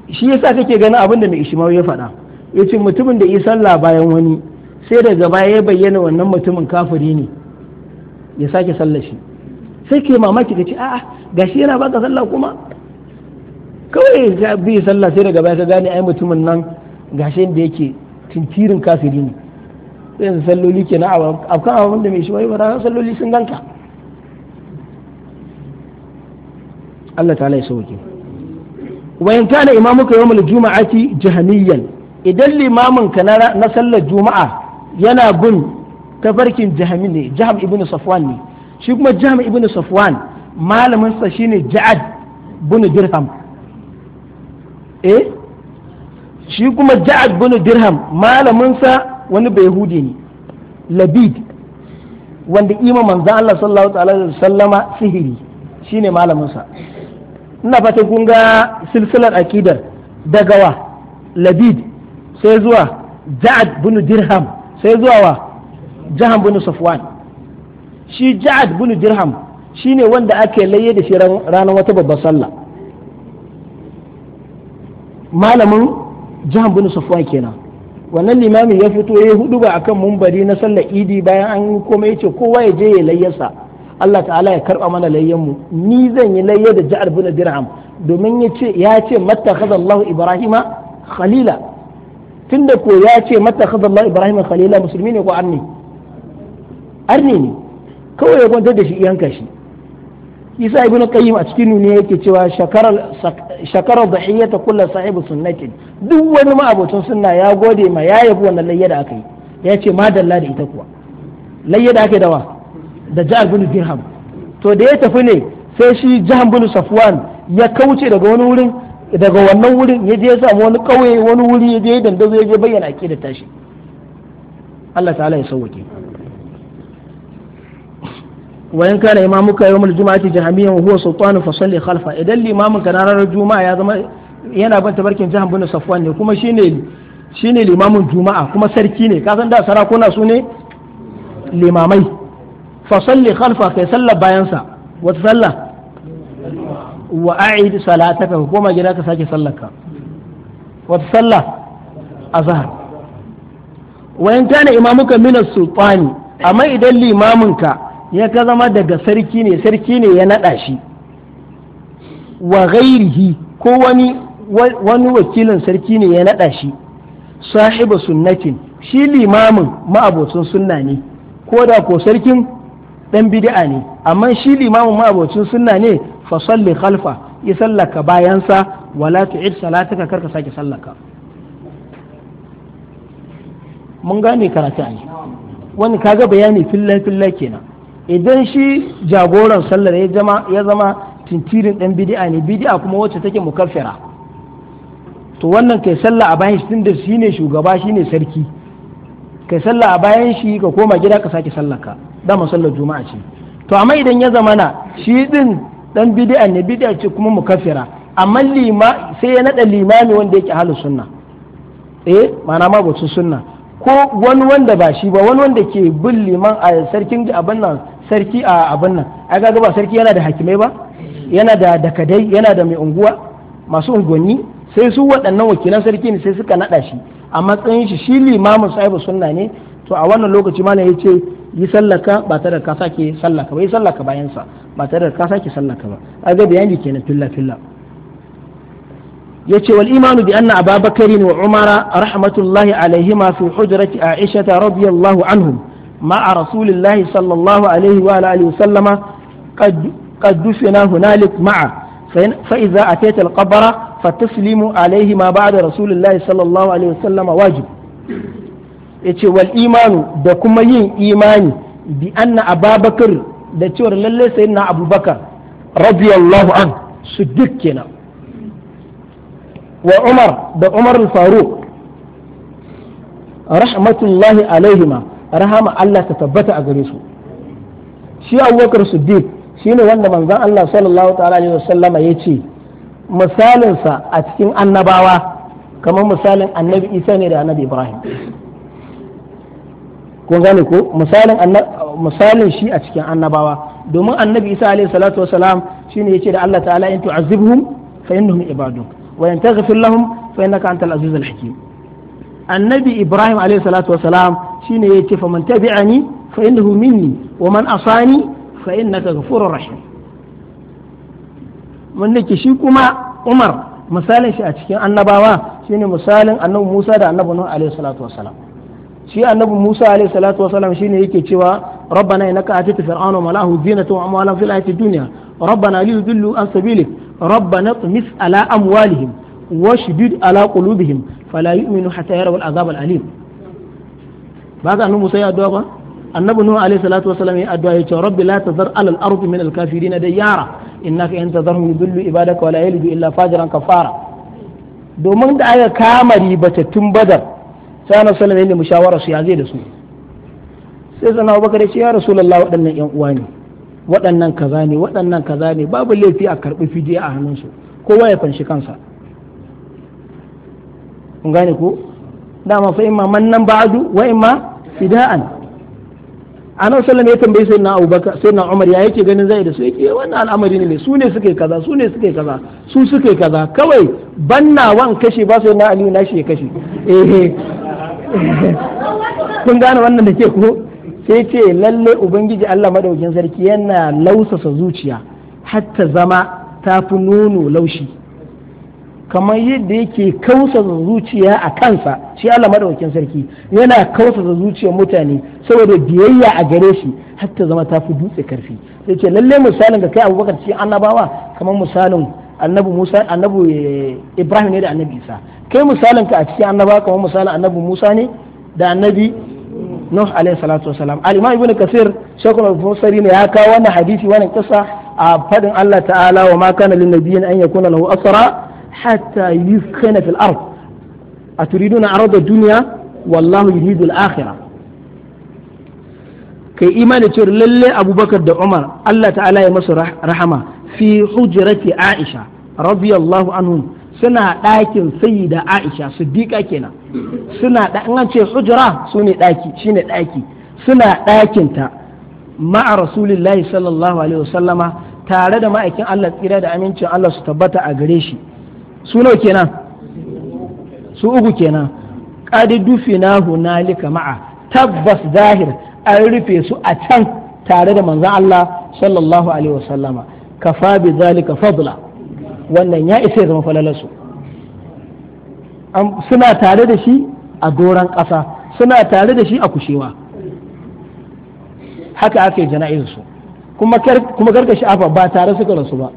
eh shi yasa kake ganin abin da mai ishmawi ya faɗa yace mutumin da yi sallah bayan wani sai daga baya ya bayyana wannan mutumin kafiri ne ya sake sallar shi sai ke mamaki ka ce a'a gashi yana baka sallah kuma kawai ya bi sallah sai daga baya ka gane ai mutumin nan gashi da yake tintirin kafiri ne sai yanzu salloli ke na kan abin da mai shi ba ran salloli sun ganka Allah ta ya sauke wa in kana imamuka yawmul juma'ati jahmiyan idan limamin ka na sallar juma'a yana ta tafarkin jahami ne jaham ibnu safwan ne shi kuma jaham ibnu safwan malamin sa shine ja'ad bin dirham eh shi kuma ja'ad bin dirham malaminsa wani bayhudi ne labid wanda ima manzo Allah sallallahu alaihi sallama sihiri shine malaminsa ina fata kun ga silsilar akidar daga wa labid sai zuwa ja'ad bin dirham sai zuwa wa jahan bin safwan shi ja'ad bin dirham shine wanda ake layye da shi ranar wata babbar sallah malamin jihar bin safwa kenan wannan limamin ya fito ya hudu ba akan mumbari na sallar idi bayan an koma ya ce kowa ya je ya layyasa Allah ta'ala ya karba mana layyan mu ni zan yi layya da jihar bin dirham domin ya ce ya ce mattakhadha Allah Ibrahima khalila tunda ko ya ce mattakhadha Allah Ibrahima khalila musulmi ne ko arni arni ne kawai ya kwantar da shi iyanka shi isa ibnu qayyim a cikin nuni yake cewa shakarar shakarar dhahiyata kullu sahibi sunnati duk wani ma'abocin sunna ya gode ma ya yabi wannan layya da aka yi ya ce dalla da ita kuwa layya da ake dawa da ja'ar bin dirham to da ya tafi ne sai shi jahan bin safwan ya kauce daga wani wurin daga wannan wurin ya je ya samu wani kauye wani wuri ya je dandazo ya je bayyana aqidar tashi Allah ta'ala ya sauke wayan kana imamuka yawmul juma'ati jahamiyan wa huwa sultanu fa salli khalfa idan limamin ka ranar juma'a ya zama yana ban tabarkin jahan bin safwan ne kuma shine shine limamin juma'a kuma sarki ne ka san da sarakuna su ne limamai fa salli khalfa kai sallah bayan sa wata sallah wa a'id salataka kuma koma gida ka sake sallarka wata sallah azhar wayan kana imamuka min as-sultani amma idan limamunka. ya ka zama daga sarki ne sarki ne ya naɗa shi wa ghairihi ko wani wani wakilin sarki ne ya naɗa shi sahiba sunnatin shi limamin ma'abocin sunna ne ko da ko sarkin ɗan bid'a ne amma shi limamin ma'abocin sunna ne fa salli khalfa ya sallaka bayansa wala tu'id salataka karka sake sallaka mun gane karatu ne wani kaga bayani filla filla kenan idan shi jagoran sallar ya zama ya zama tintirin dan bid'a ne bid'a kuma wacce take mukaffira to wannan kai sallah a bayan shi tunda shine shugaba shine sarki kai sallah a bayan shi ka koma gida ka sake sallar ka dama sallar juma'a ce to amma idan ya zama na shi din dan bid'a ne bid'a ce kuma mukaffira amma lima sai ya nada limami wanda yake halu sunna eh ma'ana ma sunna ko wani wanda ba shi ba wani wanda ke bin liman a sarkin abin nan sarki a abin nan a kaga ba sarki yana da hakimai ba yana da dakadai yana da mai unguwa masu unguwanni sai su waɗannan wakilan sarki ne sai suka naɗa shi a matsayin shi shi limamin sahibu sunna ne to a wannan lokaci malam ya ce yi sallaka ba tare da ka sake sallaka ba yi sallaka bayan sa ba tare da ka sake sallaka ba a ga bayani kenan filla filla yace wal imanu bi anna ababakari wa umara rahmatullahi alaihima fi hujrati aisha radiyallahu anhum مع رسول الله صلى الله عليه وآله وسلم قد قد دفن هنالك معه فإذا أتيت القبر فتسلم عليه ما بعد رسول الله صلى الله عليه وسلم واجب wal imanu da kuma yin imani bi anna ababakar da cewar lalle sayyidina abubakar radiyallahu an su duk kenan wa umar da umar al rahmatullahi alaihima rahama Allah ta tabbata a gare su shi abubakar siddiq shine wanda manzon Allah sallallahu ta'ala alaihi wasallama ya ce misalinsa a cikin annabawa kamar misalin annabi isa ne da annabi ibrahim kun gane ko misalin misalin shi a cikin annabawa domin annabi isa alaihi salatu wasalam shine yace da Allah ta'ala in tu'azibhum fa innahum ibaduk wa in taghfir lahum fa innaka antal azizul hakim annabi ibrahim alaihi salatu wasalam shine ya ce faman tabi'ani fa innahu minni wa man asani fa innaka ghafurur rahim mun ke shi kuma umar misalin shi a cikin annabawa shine misalin annabi musa da annabi nuh alaihi salatu wasalam shi annabi musa alaihi salatu wasalam shine yake cewa rabbana innaka atita fir'auna wa malahu zinatan wa amwalan fil hayati dunya rabbana liyudillu an sabilik rabbana tumis ala amwalihim washdid ala qulubihim fala yu'minu hatta yaraw azabar alim ba ka annabi Musa ya addu'a ba annabi Nuhu alaihi salatu wasallam ya addu'a ya ce rabbi la tazar ala al-ardi min al-kafirin da yara innaka in tazarhum yudillu ibadaka wa la yalidu illa fajiran kafara domin da aka kama ribatattun badar sai annabi sallallahu alaihi wasallam ya su ya zai da su sai sana Abubakar ya ce ya rasulullahi waɗannan ƴan uwa ne waɗannan kaza ne waɗannan kaza ne babu laifi a karɓi fidiya a hannunsu kowa ya fanshi kansa kun gane ko dama fa imma mannan ba'du wa imma fida'an ana sallam ya tambaye sai na abubakar sai na umar ya yake ganin zai da su yake wannan al'amari ne su ne suke kaza su ne suke kaza su suke kaza kawai wan kashe ba sai na ali na shi ya kashe eh kun gane wannan da ke ko sai ce lalle ubangiji Allah madaukin sarki yana lausasa zuciya hatta zama ta fi nono laushi kamar yadda yake kausa zuciya a kansa shi Allah madaukakin sarki yana kausa zuciyar mutane saboda biyayya a gare shi har ta zama tafi dutse karfi sai ce lalle misalin da kai Abubakar cikin annabawa kamar misalin annabi Musa annabi eh, Ibrahim ne da annabi Isa kai misalin ka a cikin annabawa kamar misalin annabi Musa ne da annabi Nuh alaihi salatu wasalam al-Imam Ibn Kathir shaykhul bukhari ne ya kawo wannan hadisi wannan kissa a fadin Allah ta'ala wa ma kana lin nabiyyin an yakuna lahu asra hatta yuskana fil ard aturiduna arada duniya wallahu yuridu al akhirah kai imani cewa lallai abubakar da umar allah ta'ala ya masu rahama fi hujrati aisha radiyallahu anhum suna ɗakin sayyida aisha siddiqa kenan suna da an ce hujra sune ɗaki suna ɗakin ta ma'a rasulillahi sallallahu alaihi wasallama tare da ma'aikin Allah tsira da amincin Allah su tabbata a gare shi su nawa kenan su uku kenan qad dufina hunalika ma'a tabbas zahir an rufe su a can tare da manzon Allah sallallahu alaihi wasallama kafa bi zalika fadla wannan ya isa ya zama falalasu suna tare da shi a doron ƙasa suna tare da shi a kushewa haka aka yi su kuma karka afa ba tare suka rasu ba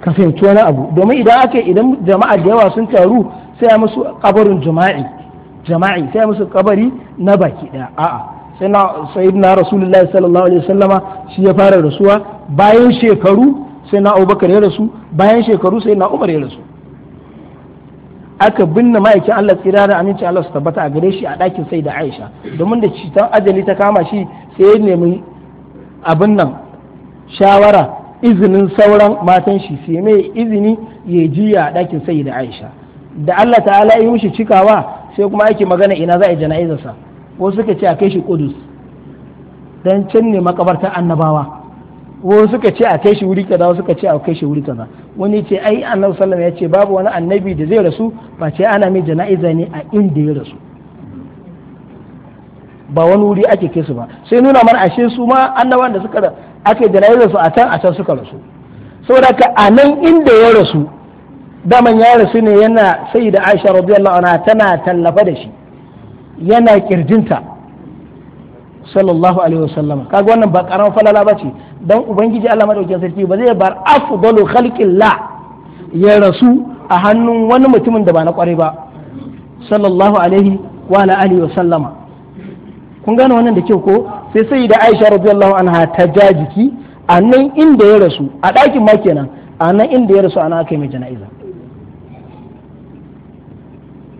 ka fahimci wani abu domin idan aka idan jama'a da yawa sun taru sai ya musu kabarin jama'i jama'i sai ya musu kabari na baki daya a'a sai na sayyidina rasulullahi sallallahu alaihi wasallama shi ya fara rasuwa bayan shekaru sai na Abubakar ya rasu bayan shekaru sai na Umar ya rasu aka binne ma'aikin Allah tsira da aminci Allah su tabbata a gare shi a ɗakin sai da Aisha domin da citan ajali ta kama shi sai ya nemi abin nan shawara izinin sauran matan shi sai mai izini ya jiya a ɗakin sayi da aisha da allah ta'ala yi mishi cikawa sai kuma ake magana ina za a yi jana'izarsa wasu suka ce a kai shi kudus dan can ne makabartar annabawa wasu suka ce a kai shi wuri kaza wasu suka ce a kai shi wuri kaza wani ce ai annabi sallallahu ya ce babu wani annabi da zai rasu ba ce ana mai jana'iza ne a inda ya rasu ba wani wuri ake kai ba sai nuna mana ashe su ma annabawan da suka ake da su a can a can suka rasu saboda ka a nan inda ya rasu daman ya rasu ne yana sai da aisha radiyallahu anha tana tallafa da shi yana kirjinta sallallahu alaihi wasallam kaga wannan ba karamin falala ba ce dan ubangiji Allah madaukakin sarki ba zai bar afdalu khalqillah ya rasu a hannun wani mutumin da ba na kware ba sallallahu alaihi wa alihi wasallama kun gane wannan da kyau ko sai sai da Aisha radiyallahu anha ta ja jiki a nan inda ya rasu a ɗakin ma kenan a nan inda ya rasu ana aka yi mai jana'iza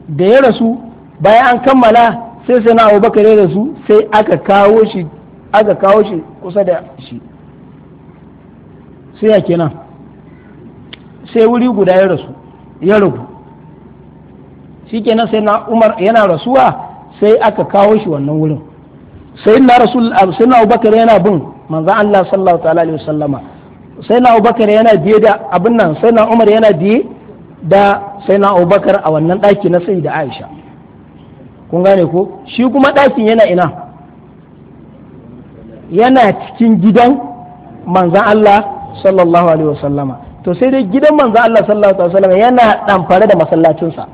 da ya rasu bayan an kammala sai sai na Abubakar ya rasu sai aka kawo shi aka kawo shi kusa da shi sai ya kenan sai wuri guda ya rasu ya ragu shi kenan sai na Umar yana rasuwa sai aka kawo shi wannan wurin sai na rasul ah, sai na abubakar yana bin manzo Allah sallallahu ta'ala alaihi wasallama sai na abubakar yana biye da abin nan sai na umar yana biye da sai na abubakar a wannan ɗaki na sai da aisha kun gane ko shi kuma ɗakin yana ina yana cikin gidan manzan Allah sallallahu alaihi wasallama to sai dai gidan manzan Allah sallallahu alaihi wasallama yana ɗamfare da masallacinsa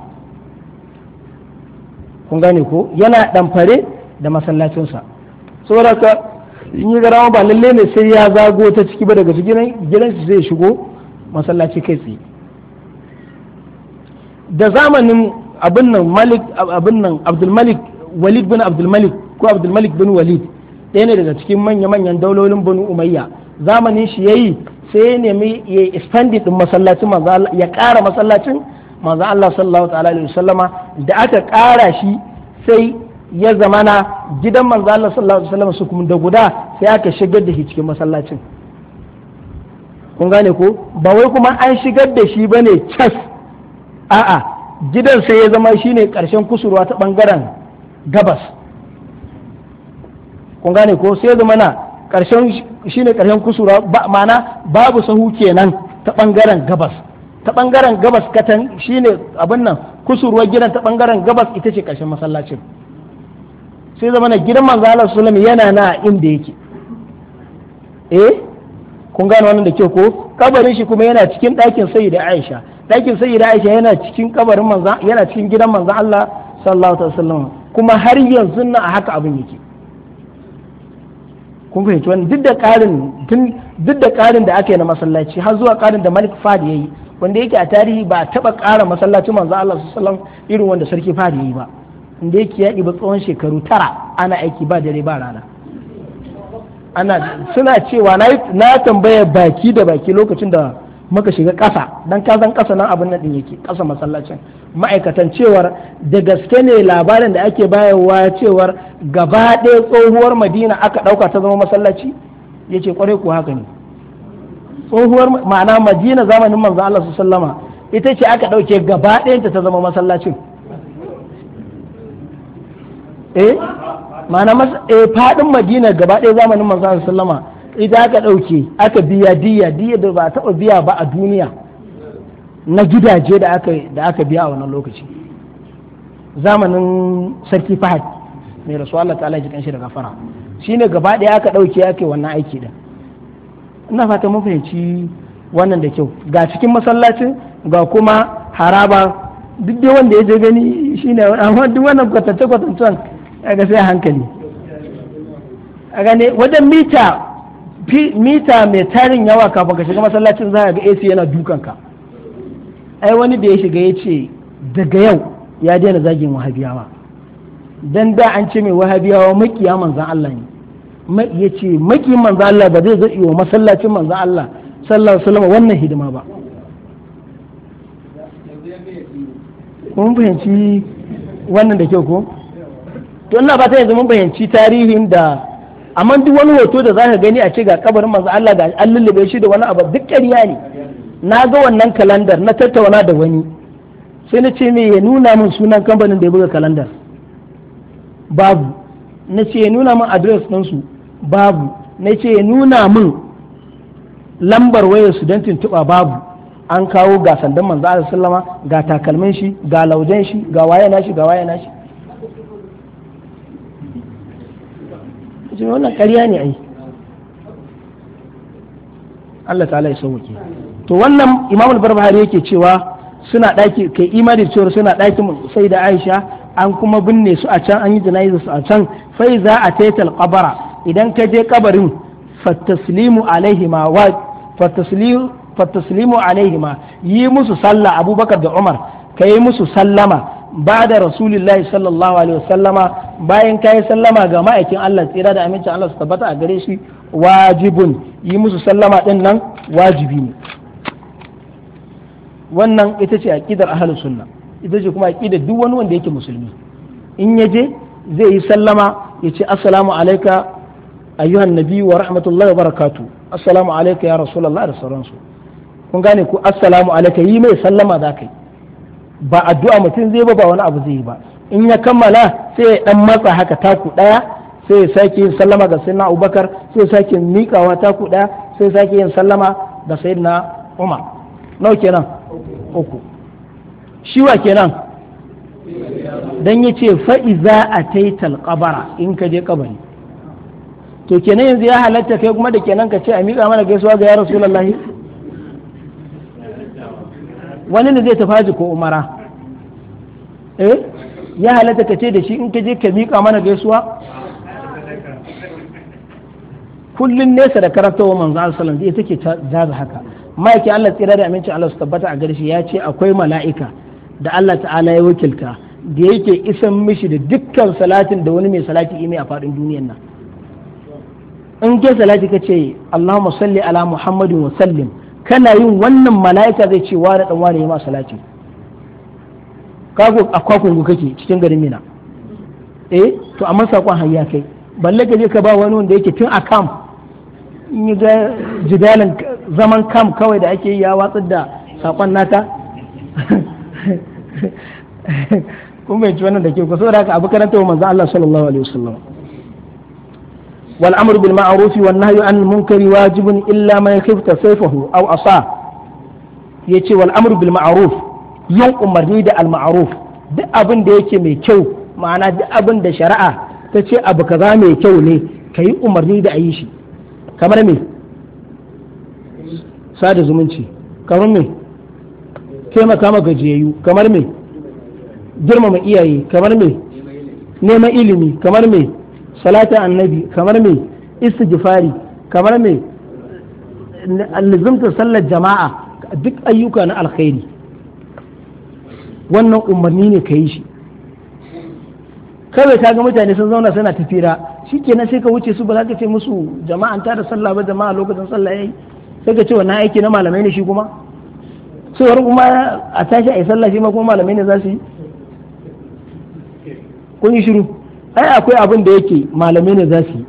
kun gane ko yana ɗamfare da masallacinsa saboda ka in yi garawa ba lalle ne sai ya zago ta ciki ba daga gidan shi zai shigo masallaci kai tsaye da zamanin abin nan malik abin nan abdulmalik walid bin abdulmalik ko abdulmalik bin walid ɗaya ne daga cikin manya-manyan daulolin banu umayya zamanin shi yayi sai ya nemi ya expandi din masallacin ya ƙara masallacin manzo Allah sallallahu alaihi wasallama da aka ƙara shi sai ya zamana gidan manzo Allah sallallahu alaihi wasallam su kuma da guda sai aka shigar da shi cikin masallacin kun gane ko ba wai kuma an shigar da shi bane cas a'a gidan sai ya zama shine karshen kusurwa ta bangaren gabas kun gane ko sai ya zama na karshen shine karshen kusurwa ba ma'ana babu sahu kenan ta bangaren gabas ta bangaren gabas katan shine abin nan kusurwar gidan ta bangaren gabas ita ce karshen masallacin sai zama na gidan manzo Allah yana na inda yake eh kun gane wannan da kyau ko kabarin shi kuma yana cikin ɗakin sayyida Aisha ɗakin sayyida Aisha yana cikin kabarin manzo yana cikin gidan manzo Allah sallallahu alaihi wasallam kuma har yanzu na a haka abin yake kun fahimci wannan duk da ƙarin duk da ƙarin da aka yi na masallaci har zuwa ƙarin da Malik Fadi yayi wanda yake a tarihi ba a taɓa ƙara masallacin manzo Allah sallallahu alaihi wasallam irin wanda sarki Fadi yayi ba da yake ya ba tsawon shekaru tara ana aiki ba dare ba rana ana suna cewa na tambaya baki da baki lokacin da maka shiga ƙasa ka zan ƙasa nan abin nan yake ƙasa masallacin ma'aikatan cewar da gaske ne labarin da ake bayarwa cewar gaba ɗaya tsohuwar madina aka ɗauka ta zama masallaci ya ce kwarai kuwa haka ne tsohuwar ma'ana madina zamanin manzo Allah su sallama ita ce aka ɗauke gaba ɗayanta ta zama masallacin eh ma'ana masa e eh, fadin madina gaba ɗaya zamanin manzo sallama idan aka ɗauke aka biya diya diya da ba taɓa biya ba a duniya na gidaje da aka da aka biya a wannan lokaci zamanin sarki fahad mai rasu Allah ta'ala ji kanshi da gafara shine gaba ɗaya aka ɗauke aka wannan aiki da. ina fata mun fahimci wannan da kyau ga cikin masallacin ga kuma haraba duk dai wanda ya je gani shine amma duk wannan kwatance kwatancen ga sai hankali a gane wajen mita mita mai tarin yawa kafin ka shiga masallacin za ga AC yana dukan ka ai wani da ya shiga ya ce daga yau ya daina zagin wahabiyawa dan da an ce mai wahabiyawa makiya manzan Allah ne ya ce maki manzan Allah ba zai zai wa masallacin manzan Allah sallallahu alaihi wasallam wannan hidima ba kun fahimci wannan da kyau ko to Allah ba ta yanzu mun bayanci tarihin da amma duk wani hoto da zaka gani a ce ga kabarin manzo Allah ga an lullube shi da wani abu duk ƙarya ne na ga wannan kalandar na tattauna da wani sai na ce me ya nuna min sunan kamfanin da ya buga kalandar babu na ce ya nuna min adres su babu na ce ya nuna min lambar wayar su don tuntuɓa babu an kawo ga sandan manzo Allah sallama ga takalmin shi ga laujen shi ga wayana nashi ga wayana nashi wannan ƙarya ne ai Allah ta'ala ya sauke to wannan imamul barbahari yake cewa suna ɗaki kai imani cewa suna ɗakin sai da aisha an kuma binne su a can an yi jana'iza su a can fai za a taital kabara idan ka je kabarin fattaslimu alaihima wa fattaslimu ma yi musu sallah abubakar da umar ka yi musu sallama ba da rasulillahi sallallahu alaihi wasallama bayan kayi sallama ga ma'aikin Allah tsira da amincin Allah su tabbata a gare shi wajibun yi musu sallama din nan wajibi ne wannan ita ce aqidar ahlus sunna ita ce kuma aqidar duk wani wanda yake musulmi in ya je zai yi sallama ya ce assalamu alayka ayyuhan nabi wa rahmatullahi wa barakatuh assalamu alayka ya rasulullah da sauransu kun gane ku assalamu alayka yi mai sallama zakai ba addu'a mutum zai ba ba wani abu zai yi ba in ya kammala sai ya dan matsa haka taku daya sai ya sake yin sallama ga sayyidina Abubakar sai ya sake miƙawa taku daya sai ya sake yin sallama ga sayyidina Umar nau kenan uku shi wa kenan dan yace fa iza ataital qabara in ka je kabari to kenan yanzu ya halatta kai kuma da kenan ka ce a miƙa mana gaisuwa ga ya rasulullahi wani ne zai tafaji ko umara eh ya halatta ka ce da shi in ka je ka miƙa mana gaisuwa Kullum nesa da wa manzo Allah sallallahu alaihi wasallam take jaza haka maiki Allah tsira da amincin Allah su tabbata a gare shi ya ce akwai mala'ika da Allah ta'ala ya wakilta da yake isan mishi da dukkan salatin da wani mai salati ime a faɗin duniyan nan in ke salati ka ce Allahumma salli ala Muhammadin wa sallim kana yin wannan mala'ika zai ce wani dan wani ya ma salati kago akwai kungu kake cikin garin mina eh to amma sakon hayya kai balle ka je ka ba wani wanda yake tun a kam in yi ga jidalin zaman kam kawai da ake yi ya watsar da sakon nata kun bai ci wannan da ke ku saboda haka abu karanta wa manzo Allah sallallahu alaihi wasallam والأمر بالمعروف والنهي عن wajibin illa إلا ما يخف a أو عصاه يتي والأمر بالمعروف yin umarni da almaruf duk abin da yake mai kyau ma'ana duk abin shari'a ta ce abu kaza mai kyau ne ka yi umarni da a yi kamar me sada zumunci kamar me taimaka ma gajiyayyu kamar me girmama iyaye kamar me neman ilimi kamar me salatin annabi kamar me istighfari kamar me lizimta sallar jama'a duk ayyuka na alkhairi wannan umarni ne ka yi shi kawai ta ga mutane sun zauna suna tafira shi sai ka wuce su ba za ka ce musu jama'an ta da sallah ba jama'a lokacin sallah yayi sai ka ce wannan aiki na malamai ne shi kuma cewar kuma a tashi a yi sallah shi ma kuma malamai ne za su yi kun yi shiru ai akwai abin da yake malamai ne za su yi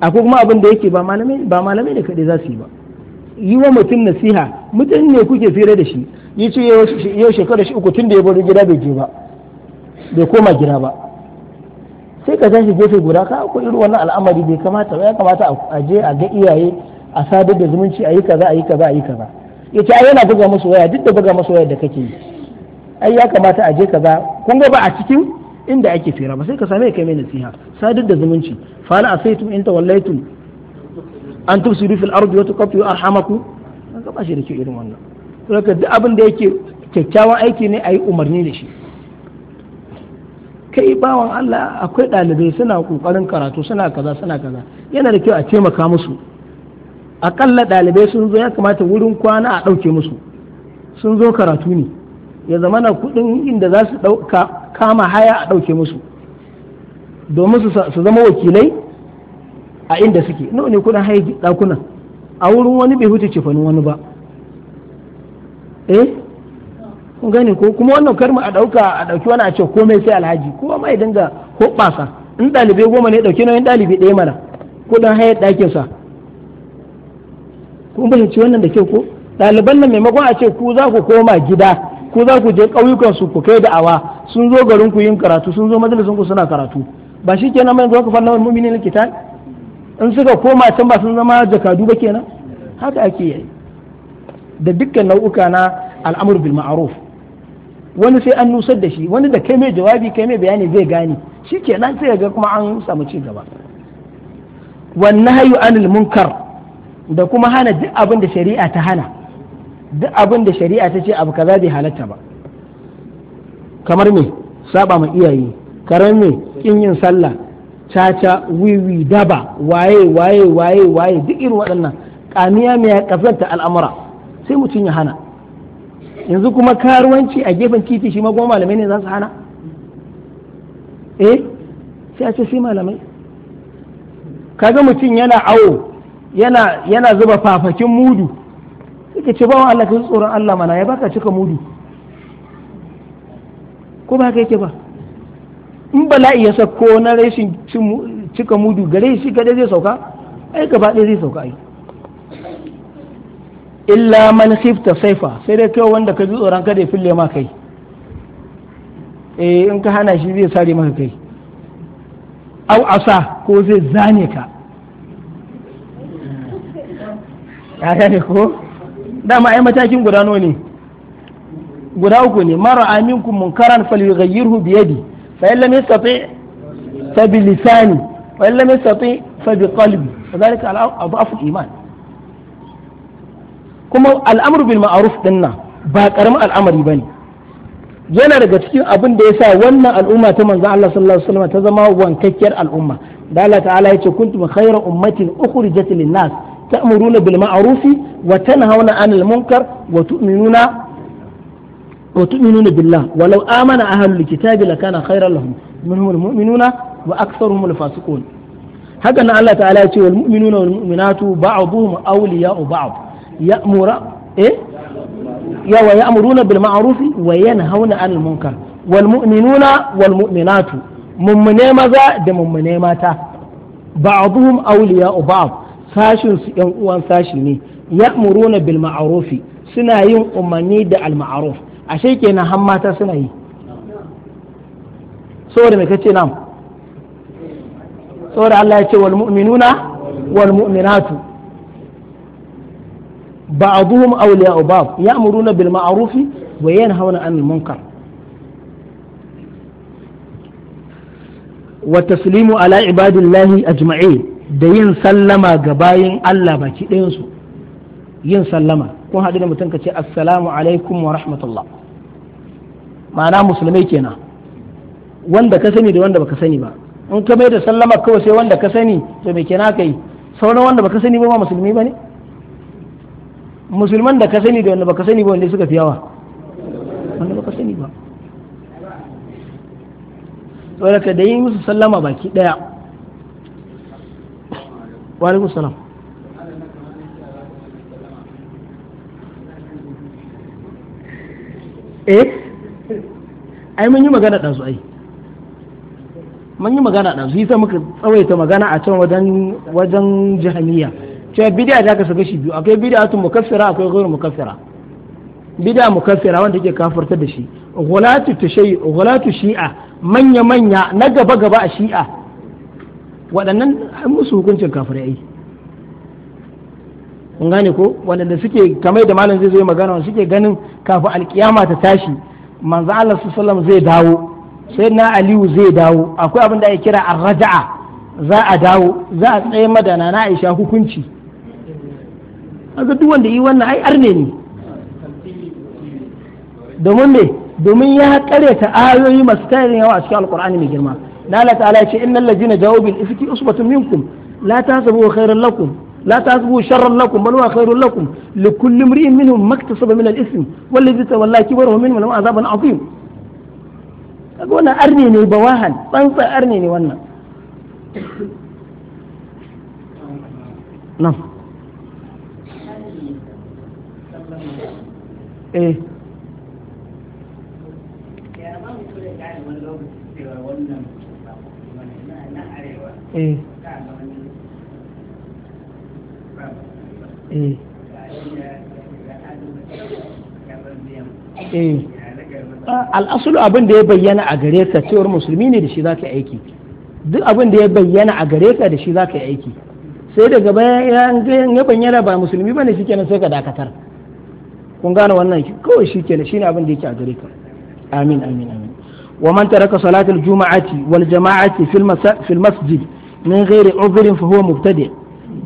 akwai kuma abin da yake ba malamai ba malamai ne kaɗai za su yi ba yi wa mutum nasiha mutum ne kuke fira da shi yi ce yau shekara shi uku tun da ya bari gida bai je ba bai koma gida ba sai ka tashi gefe guda ka akwai irin wannan al'amari bai kamata ba ya kamata a je a ga iyaye a sadar da zumunci a yi kaza a yi kaza a yi kaza ya ce yana buga musu waya duk da buga musu waya da kake yi ai ya kamata a je kaza kun ga ba a cikin inda ake fira ba sai ka same kai mai nasiha sadar da zumunci fala asaitum in tawallaitum an rufin fil wata wa tuqattu arhamakum ka gaba shi da ke irin wannan ka duk abin da yake kyakkyawan aiki ne a yi umarni da shi kai bawan Allah akwai ɗalibai suna kokarin karatu suna kaza suna kaza yana da kyau a taimaka musu akalla ɗalibai sun zo ya kamata wurin kwana a ɗauke musu sun zo karatu ne ya zama na kuɗin inda za su ɗauka kama haya a ɗauke musu domin su zama wakilai a inda suke nawa ne kudin haya ɗakunan a wurin wani bai wuce cefanin wani ba eh kun gane ko kuma wannan karma a ɗauka a ɗauki wani a ce komai sai alhaji kowa ma ya dinga hoɓasa in ɗalibai goma ne ɗauki nauyin ɗalibai ɗaya mana kudin haya ɗakinsa kun fahimci wannan da kyau ko ɗaliban nan maimakon a ce ku za ku koma gida Ko za ku je ƙauyukan su ku kai da awa sun zo garin ku yin karatu sun zo majalisun ku suna karatu ba shi kenan mai zuwa ku fallawar mu'minin likita in suka koma can ba sun zama jakadu ba kenan haka ake yi da dukkan nau'uka na al'amur bil ma'ruf wani sai an nusar da shi wani da kai mai jawabi kai mai bayani zai gane shi kenan sai ga kuma an samu ci gaba wannan hayu anil munkar da kuma hana duk abin da shari'a ta hana duk abin da shari'a ta ce abu kaza bai halatta ba kamar me saba ma iyaye karar me kin yin sallah caca wiwi daba waye waye waye waye duk irin waɗannan kamiya mai kafanta al'amura sai mutum ya hana yanzu kuma karuwanci a gefen titi shi ma kuma malamai ne za su hana eh sai a ce sai malamai kaga mutum yana awo yana yana zuba fafakin mudu yake ce bawan Allah ka tsoron Allah mana ya baka cika mudu ko ba ka yake ba in bala'i ya sako na rashin cika mudu gare shi kadai zai sauka ai gaba ɗaya zai sauka ai illa man khifta saifa sai dai kai wanda ka ji tsoron kada ya fille ma kai eh in ka hana shi zai sare maka kai au asa ko zai zane ka ya ne ko dama ai matakin guda nawa ne guda uku ne mara aminkum munkaran falyughayyirhu bi yadi fa in lam yastati fa bi lisani wa in lam yastati fa bi qalbi wadhalika al-adhafu al-iman kuma al'amru bil ma'ruf dinna ba karamin al'amari ba ne. yana daga cikin abin da ya sa wannan al'umma ta manzo Allah sallallahu alaihi wasallam ta zama wankakkiyar al'umma da Allah ta'ala Ya yace kuntum khayra ummatin ukhrijat lin-nas ta'muruna bil ma'rufi wa tanhauna 'anil munkar wa tu'minuna wa tu'minuna billah walau amana ahlul kitabi lakana khairan lahum minhum wa aktharuhum al-fasiqun haka na Allah ta'ala ya ce wal mu'minuna wal mu'minatu ba'dhum awliya'u ba'd ya'mura eh ya wa ya'muruna bil wa wal wal mummune maza da mummune mata ba'dhum awliya'u ba'd sashin su yan uwan sashi ne ya muruna bil ma'rufi suna yin umarni da al ma'ruf ashe kenan har mata suna yi saboda me kace nam saboda Allah ya ce wal mu'minuna wal mu'minatu ba'dhum awliya'u ba'd ya'muruna bil ma'rufi wa yanhauna 'anil munkar wa taslimu ala ibadillahi ajma'in da yin sallama ga bayin Allah baki ɗayansu yin sallama kun haɗu da mutum ka ce assalamu alaikum wa rahmatullah ma'ana musulmai kenan wanda ka sani da wanda baka sani ba in ka mai da sallama kawai sai wanda ka sani to me kenan ka yi sauran wanda baka sani ba ma musulmi ba ne musulman da ka sani da wanda baka sani ba wanda suka fi yawa wanda baka sani ba saboda da yi musu sallama baki ɗaya wa السلام ايه eh من mun yi magana اي su يوم mun yi magana da su yasa muka tsawaita magana a can wajen wajen jahamiya cewa bid'a ta gashi biyu akwai bid'atu mukaffira akwai ghairu mukaffira bid'a mukaffira wanda ke kafartar da shi ghulatu ghulatu shi'a manya manya na gaba gaba a shi'a waɗannan musu hukuncin kafirai ai kun gane ko waɗanda suke kamar da malam zai zo magana suke ganin kafin alkiyama ta tashi manzo Allah sallallahu zai dawo sai na Aliyu zai dawo akwai abin da ake kira ar-raja'a za a dawo za a tsaye madana na Aisha hukunci kaga duk wanda yi wannan ai arne ne domin me domin ya karyata ayoyi masu tarin yawa a cikin alkur'ani mai girma da Allah ta'ala ya ce innal ladina jawu bil ifki usbatun minkum la tahsabu khairan lakum la tahsabu sharran lakum bal huwa khairun lakum li kulli imrin minhum maktasaba min al ithm wal ladhi tawalla kibrahu minhum lahu azabun azim kaga wannan arni ne bawahan tsantsan arni ne wannan nan eh Eh. Eh. Eh. al'asulu abin da ya bayyana a gare ka cewar musulmi ne da shi za ka aiki duk abin da ya bayyana a gare ka da shi za ka aiki sai daga bayan ya bayyana ba musulmi ba ne shi kenan sai ka dakatar kun gane wannan kawai shi kenan shi ne abin da yake a gare ka amin amin amin wa man taraka salatul juma'ati wal jama'ati fil masjid من غير عذر فهو مبتدع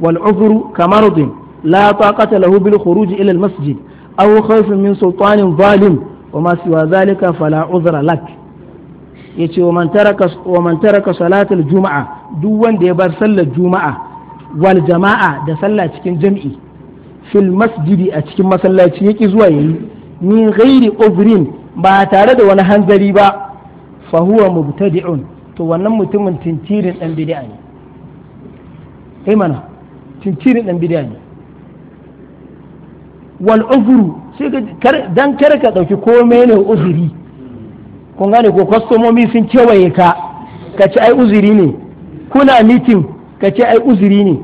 والعذر كمرض لا طاقة له بالخروج إلى المسجد أو خوف من سلطان ظالم وما سوى ذلك فلا عذر لك yace wa man taraka wa man taraka salatul juma'a duk wanda ya bar sallar juma'a waljama'a da salla cikin jam'i fil masjidi a cikin masallaci yake zuwa yayi min ghairi uzrin ba tare da wani hanzari ba fa huwa mubtadi'un to wannan mutumin tintirin dan bid'a ne eh mana cincirin ɗan bidiya ne wal uzuru sai dan kare ka ɗauki komai ne uzuri kun gane ko kwastomomi sun kewaye ka ka ce ai uzuri ne kuna mitin ka ce ai uzuri ne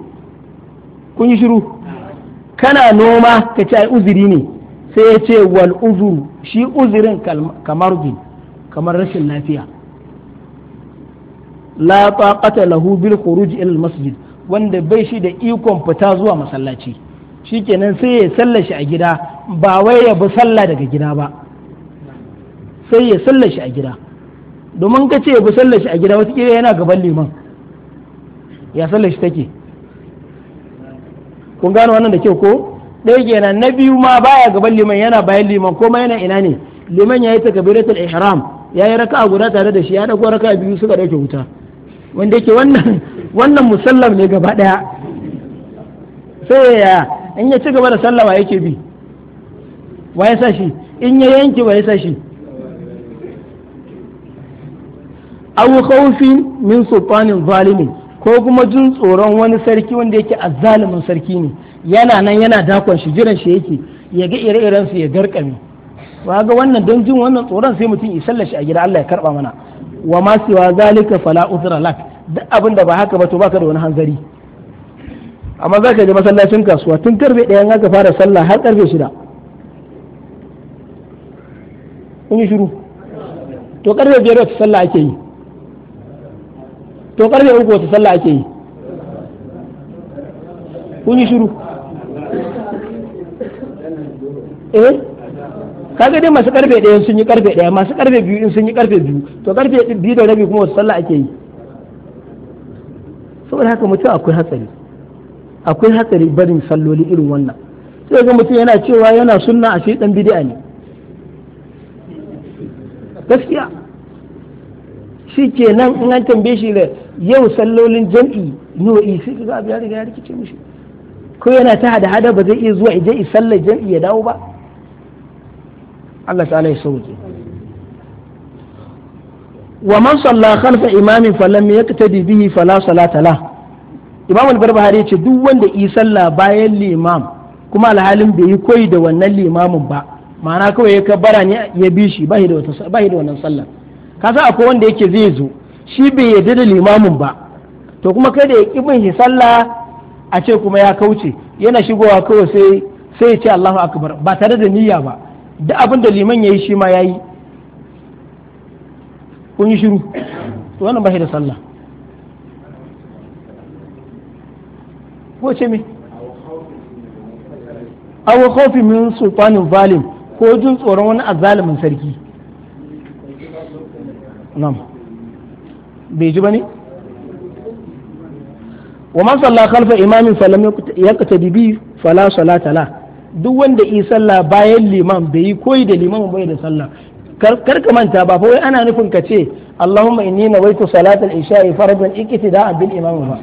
kun yi shiru kana noma ka ce ai uzuri ne sai ya ce wal uzuru shi uzurin kamar kamar rashin lafiya la taqata lahu bil khuruj ila al masjid wanda bai shi da ikon fita zuwa masallaci shikenan sai ya sallashi a gida ba wai ya bi sallah daga gida ba sai ya sallashi a gida domin ka ce ya bi sallashi a gida wata yana gaban liman ya sallashi take kun gano wannan da kyau ko ɗaya kenan na biyu ma baya gaban liman yana bayan liman ko yana ina ne liman ya yi takabiratul ihram ya yi raka'a guda tare da shi ya dago raka'a biyu suka ɗauke wuta wanda yake wannan musallar musallam ne gaba daya sai ya in ya ci gaba da sallah wa yake bi wa ya sashi in ya yanke wa ya sashi abu khawfin min sultanin zalimin ko kuma jin tsoron wani sarki wanda yake azzalumin sarki ne yana nan yana dakon shi jiran shi yake ya ga ire-iren su ya garkame wa ga wannan don jin wannan tsoron sai mutum ya sallashi a gida Allah ya karba mana wa ma siwa zalika fala uzra lak duk abin da ba haka ba to baka da wani hanzari amma za ka je masallacin kasuwa tun karfe ɗayan aka fara sallah har karfe shida kun yi shiru to karfe biyar wata sallah ake yi to karfe uku wata sallah ake yi kun yi shiru eh kaga dai masu karfe ɗaya sun yi karfe ɗaya masu karfe biyu in sun yi karfe biyu to karfe biyu da rabi kuma wasu sallah ake yi saboda haka mutum akwai hatsari akwai hatsari barin salloli irin wannan sai ga mutum yana cewa yana sunna a shi dan bid'a ne gaskiya shi ke nan in an tambaye shi da yau sallolin jam'i nawa'i sai ka ga abu ya riga ya rikice mishi ko yana ta hada hada ba zai iya zuwa ije sallar jam'i ya dawo ba Allah ta'ala ya sauke wa man salla khalfa imamin falam yaktadi bihi fala salata la Imam al-Barbahari ya ce duk wanda yi sallah bayan limam kuma alhalin bai yi koyi da wannan limamin ba ma'ana kawai ya kabbara ne ya bi shi ba da wata bai da wannan sallah kaza akwai wanda yake zai zo shi bai yarda da limamin ba to kuma kada ya kibin shi sallah a ce kuma ya kauce yana shigowa kawai sai sai ya ce Allahu akbar ba tare da niyya ba da abin da liman ya yi shi ma ya yi kun yi shiru to wannan ba shi da sallah ko ce me awo khawfi min sultanin zalim ko jin tsoron wani azalimin sarki nam bai ji ba ne? wa man salla khalfa imamin falam yaqtadi bi fala salata la duk wanda yi sallah bayan liman bai yi koyi da liman bai da sallah kar ka manta ba fa wai ana nufin ka ce Allahumma inni nawaitu salatal isha'i fardan iqtida'an bil imam ba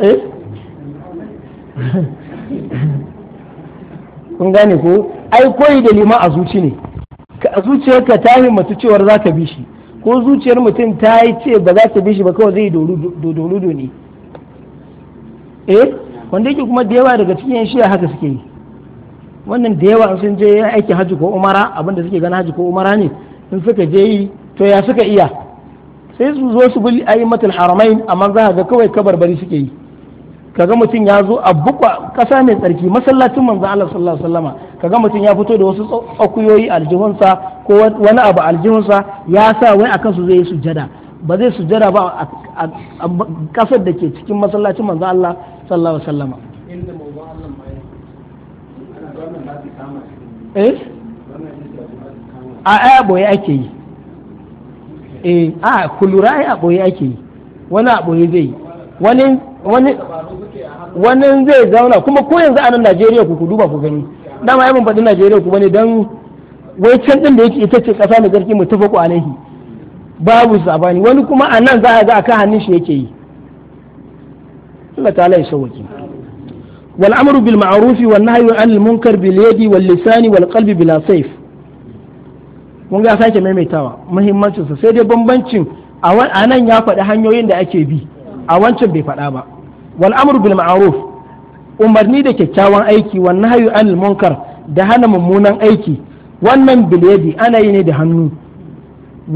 eh kun gane ko ai koyi da liman a zuci ne a zuciyarka ta himmatu cewar za ka bi shi ko zuciyar mutum ta yi ce ba za ta bi shi ba kawai zai dodo ne eh wanda yake kuma da yawa daga cikin yan shiya haka suke yi wannan da yawa sun je ya aiki haji ko umara abinda suke gana haji ko umara ne sun suka je yi to ya suka iya sai su zo su bi ayyimatul haramain amma za ga kawai kabarbari suke yi kaga mutum ya zo a bukwa kasa mai tsarki masallacin manzo Allah sallallahu alaihi wasallama kaga mutum ya fito da wasu tsakuyoyi aljihunsa ko wani abu aljihunsa ya sa wai akan su zai yi sujada ba zai sujjada ba a kasar da ke cikin masallacin manzo Allah sallallahu alaihi wasallama eh a aya boye ake yi eh a kulura aya boye ake yi wani a boye zai wani wani wani zai zauna kuma ko yanzu a nan Najeriya ku duba ku gani dama ai mun faɗi Najeriya ku bane dan wai can din da yake ita ce kasa mai zarki mutafaqu alaihi babu sabani wani kuma a nan za a ga akan hannun shi yake yi Allah ta'ala ya sauwaki wal amru bil ma'ruf wan nahyu anil munkar bil yadi wal lisani wal qalbi bila sayf mun ga sake maimaitawa muhimmancin sa sai dai bambancin a nan ya faɗi hanyoyin da ake bi a wancan bai faɗa ba wal amru bil ma'ruf umarni da kyakkyawan aiki wan nahyu anil munkar da hana mummunan aiki wannan bil yadi ana yi ne da hannu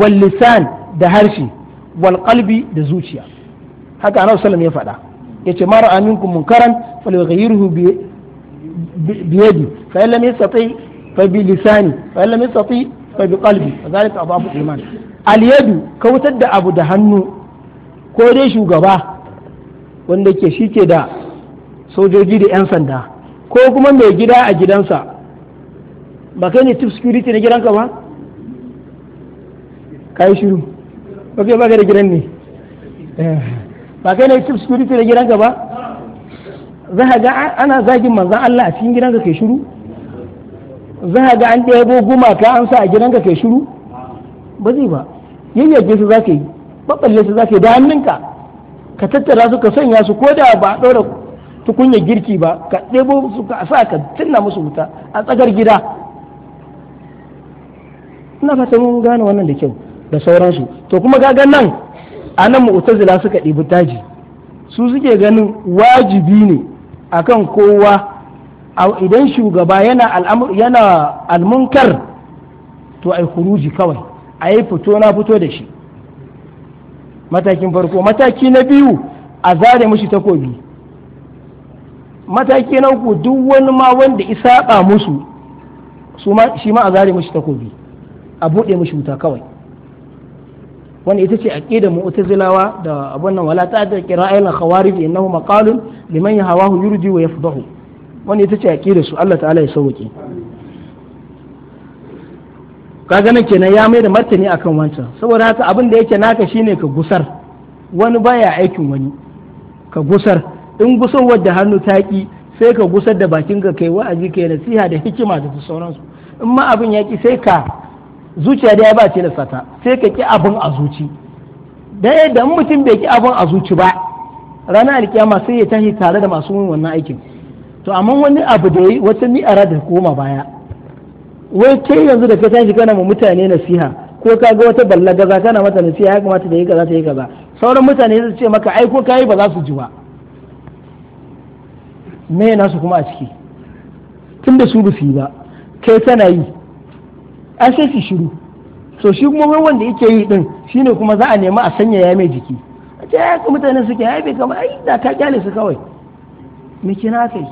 wal lisan da harshe wal qalbi da zuciya haka annabi sallallahu ya faɗa yace mara aminkum munkaran falyughayyirhu bi biyadi fa in lam yastati fa bi lisani fa in lam yastati fa bi qalbi zalika adafu iman al yadu kautar da abu da hannu ko dai shugaba wanda ke shi ke da sojoji da 'yan sanda ko kuma mai gida a gidansa ba kai ne tip security na gidanka ba kai shiru ba kai baka da gidan ne eh, ba kai ne security da gidanka ba za ga ana zagin manzan Allah a cikin gidanka kai shiru za ga an ɗebo gumaka an sa a gidanka kai shiru ba zai ba yayyage su za ka yi su za yi da hannunka ka tattara su ka sanya su ko da ba a ɗora tukunya girki ba ka ɗebo su ka sa ka tunna musu wuta a tsagar gida ina fata mun gane wannan da kyau da sauransu to kuma ga nan a nan mu'tazila suka ɗibi taji su suke ganin wajibi ne akan kowa idan shugaba yana yana almunkar to ai huruji kawai a yi fito na fito da shi matakin farko mataki na biyu a zare mashi takobi mataki na uku duk wani ma wanda ba musu shi ma a zare mashi takobi a buɗe mashi wuta kawai wani ita ce aqida mu'tazilawa da abun nan wala ta'ta qira'il khawarij innahu maqalun liman yahawahu yurji wa yafdahu wani ita ce aqida su Allah ta'ala ya sauke kaga nan kenan ya mai da martani akan wancan saboda haka abin da yake naka shine ka gusar wani baya aikin wani ka gusar in gusar wadda hannu ta ki sai ka gusar da bakin ka kai wa'azi kai nasiha da hikima da sauransu in ma abin ya sai ka zuciya da ya ba ce da sata sai ka ki abin a zuci dan yadda mutum bai ki abin a zuci ba ranar alkiyama sai ya tashi tare da masu yin wannan aikin to amma wani abu da yi wata ni'ara da koma baya wai ke yanzu da ka tashi kana ma mutane nasiha ko ka ga wata balla gaza kana mata nasiha ya kamata da yi kaza ta yi kaza sauran mutane su ce maka ai ko yi ba za su ji ba me nasu kuma a ciki tunda su ba su yi ba kai tana yi an sai su shiru so shi kuma wai wanda yake yi din shine kuma za a nemi a sanya ya mai jiki a ce ya mutane suke ya bai kama ai da ka kyale su kawai me kina kai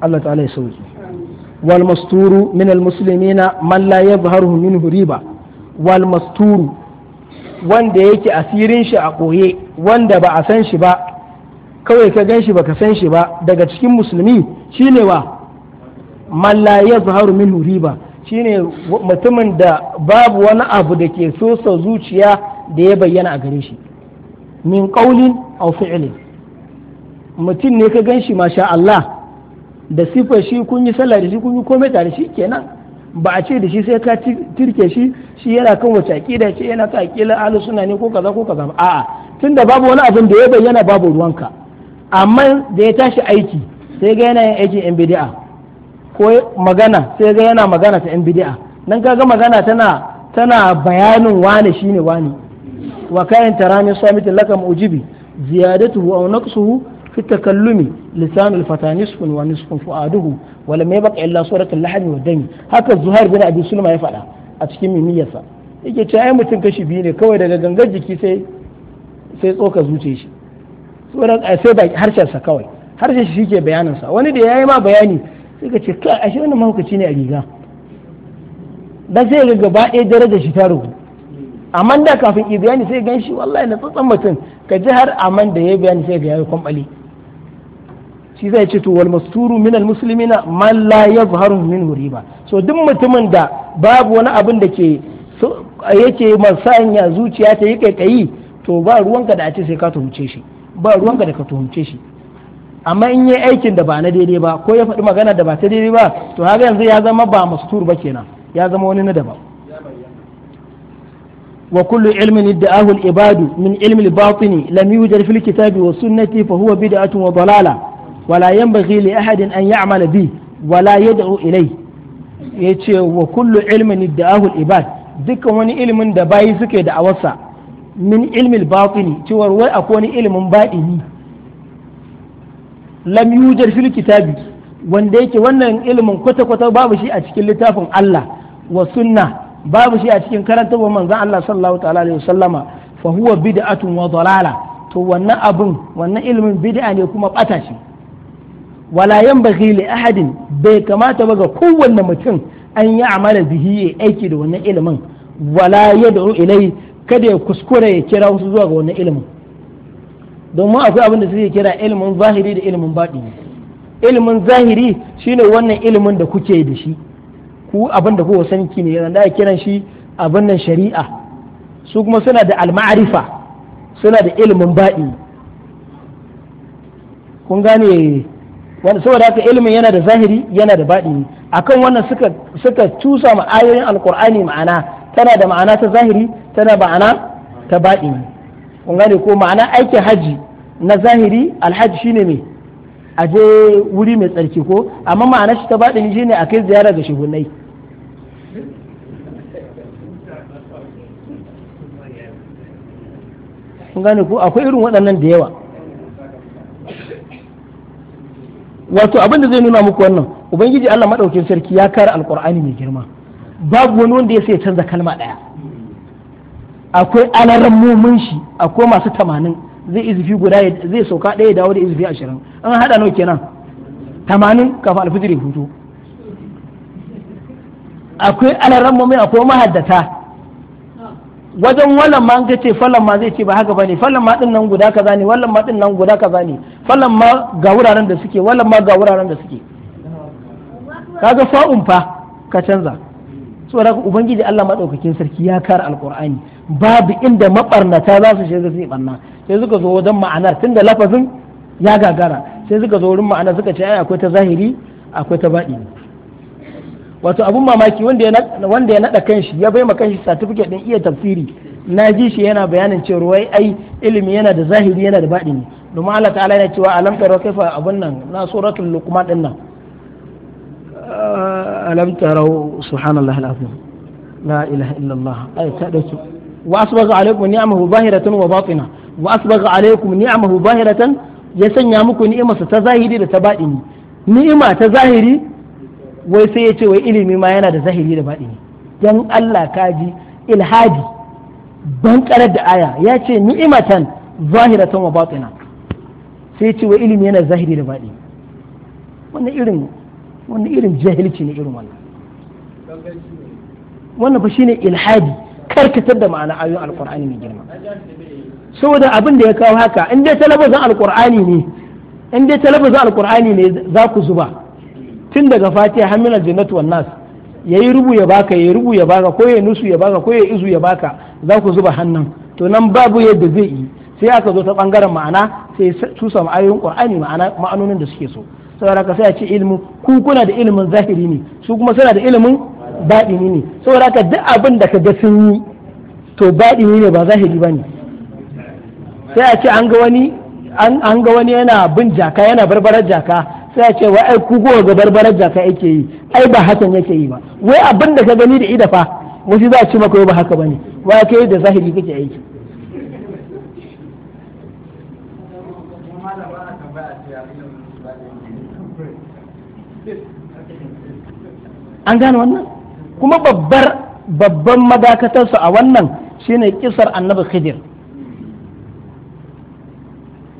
Allah ta'ala ya sauki wal masturu min al muslimina man la yadhharu minhu riba wal masturu wanda yake asirin shi a koye wanda ba a san shi ba kawai ka ganshi shi baka san shi ba daga cikin musulmi shine wa man la yazharu ba riba shine mutumin da babu wani abu da ke sosa zuciya da ya bayyana a gare shi min qaulin aw fi'lin mutum ne ka gan shi masha Allah da sifar shi kun yi sallah da shi kun yi komai tare shi kenan ba a ce da shi sai ka tirke shi shi yana kan wace aqida ce yana ka aqila ahlus sunna ne ko kaza ko kaza a'a tunda babu wani abin da ya bayyana babu ruwanka amma da ya tashi aiki sai ga yana yin aikin yan bid'a ko magana sai ga yana magana ta yan nan nan kaga magana tana tana bayanin wane shine wane wa kayan tarani samit lakam ujibi ziyadatu wa naqsu fi takallumi lisan al-fata wa nisfun fu'aduhu wa lam yabqa illa suratul lahmi wa dami haka zuhair bin abi sulma ya fada a cikin mimiyarsa yake ce ai mutum kashi biyu ne kawai daga gangar jiki sai sai tsoka zuce shi sai harshensa kawai harshen shi ke bayaninsa wani da ya yi ma bayani sai ka ce kai ashe wannan mahaukaci ne a riga da sai ga gaba ɗaya darajar shi ta rubu amma da kafin i bayani sai gan shi wallahi na tsatsan mutum ka ji har amman da ya bayani sai ga yayi kwambali shi zai ce to wal masturu min al muslimina man la yazharu min riba so duk mutumin da babu wani abin da ke yake masanya zuciya ta yi kaikayi to ba ruwanka da a ce sai ka shi ba ruwanka da ka tuhumce shi amma in yi aikin da ba na daidai ba ko ya faɗi magana da ba ta daidai ba to haka yanzu ya zama ba mastur ba kenan ya zama wani na daban wa kullu ilmin idda'ahu al-ibadu min ilmi al-batini lam yujar fil kitabi wa sunnati fa huwa bid'atun wa dalala wa la yanbaghi li ahadin an ya'mal bi wa la yad'u ilay yace wa kullu ilmin idda'ahu al-ibad dukkan wani ilmin da bayi suke da awarsa min ilmi al-batini cewa wai akwai wani ilimin batini lam yujar fil kitabi wanda yake wannan ilimin kwata-kwata babu shi a cikin littafin Allah wa sunna babu shi a cikin karantarwar manzon Allah sallallahu ta'ala alaihi wasallama fa huwa bid'atun wa dalala to wannan abun wannan ilimin bid'a ne kuma bata shi wala yanbaghi li ahadin bai kamata ba ga kowanne mutum an yi amala bihi ya aiki da wannan ilimin wala yad'u ilai kada ya kuskure ya kira wasu zuwa ga wannan ilimin domin akwai abin da suke kira ilimin zahiri da ilimin baɗi ilimin zahiri shine wannan ilimin da kuke da shi ku abin da kuka sani ne yana da kiran shi abin nan shari'a su kuma suna da alma'arifa suna da ilimin baɗi kun gane wanda saboda haka ilimin yana da zahiri yana da baɗi akan wannan suka suka cusa ma ayoyin alqur'ani ma'ana tana da ma'ana ta zahiri tana ma'ana ta baɗi kun gane ko ma'ana aikin hajji na zahiri alhaji shine me aje wuri mai tsarki ko amma ma'ana shi ta baɗin shine a kai ziyara ga shugunai kun gane ko akwai irin waɗannan da yawa wato abin da zai nuna muku wannan ubangiji Allah madaukakin sarki ya kare alqur'ani mai girma babu wani wanda ya sai canza kalma ɗaya akwai mumun shi akwai masu tamanin zai izifi guda zai sauka ɗaya dawo da izifi ashirin an haɗa nau kenan tamanin kafin alfijir hutu akwai mumun akwai mahaddata wajen wannan ma ga ce falon ma zai ce ba haka bane falon ma din nan guda kaza ne wallan ma din nan guda kaza ne falon ma ga wuraren da suke wallan ma ga wuraren da suke kaga fa'un fa ka canza saboda ubangiji Allah madaukakin sarki ya kar alqur'ani babu inda mabarnata za su shiga su yi barna sai suka zo wajen ma'anar tunda lafazin ya gagara sai suka zo wurin ma'ana suka ce ai akwai ta zahiri akwai ta baɗi wato abun mamaki wanda ya naɗa kan shi kanshi ya bai ma kanshi certificate din iya tafsiri na ji shi yana bayanin cewa ruwai ai ilimi yana da zahiri yana da baɗi ne domin Allah ta'ala yana cewa alam tara kaifa abun nan na suratul luqman din nan alam tarau subhanallahi alazim la ilaha illallah ai ta dauki وأسبغ عليكم نعمه ظاهرة وباطنة وأسبغ عليكم نعمه ظاهرة يسنى مكو نعمة تظاهري لتبائني نعمة تظاهري ويسيتي وإلمي ما ينا تظاهري لبائني dan Allah ji ilhadi ban da aya ya ce ni'imatan zahiratan wa batina sai ce ilimi yana zahiri da baɗi wannan irin wannan irin jahilci ne irin wannan wannan fa shine ilhadi karkatar da ma'ana ayoyin alkur'ani mai girma saboda abin da ya kawo haka in dai talabijin alkur'ani ne in dai talabijin alkur'ani ne za ku zuba tun daga fatiha hamilal jannatu wan nas yayi rubu ya baka yayi rubu ya baka ko ya nusu ya baka ko ya izu ya baka za ku zuba hannun to nan babu yadda zai yi sai aka zo ta bangaren ma'ana sai su samu ayoyin qur'ani ma'ana ma'anonin da suke so saboda ka sai a ce ilmu ku kuna da ilimin zahiri ne su kuma suna da ilimin baɗini ne saboda haka duk abin da ka ga sun yi to baɗini ne ba zahiri ba ne sai a ce an ga wani an ga wani yana bin jaka yana barbarar jaka sai a ce wa ai ku ga barbarar jaka yake yi ai ba hakan yake yi ba wai abin da ka gani da ida fa wasu za a ci maka ba haka bane wa kai da zahiri kake aiki an gane wannan kuma babbar babban madakatarsa a wannan shine kisar annabi khidir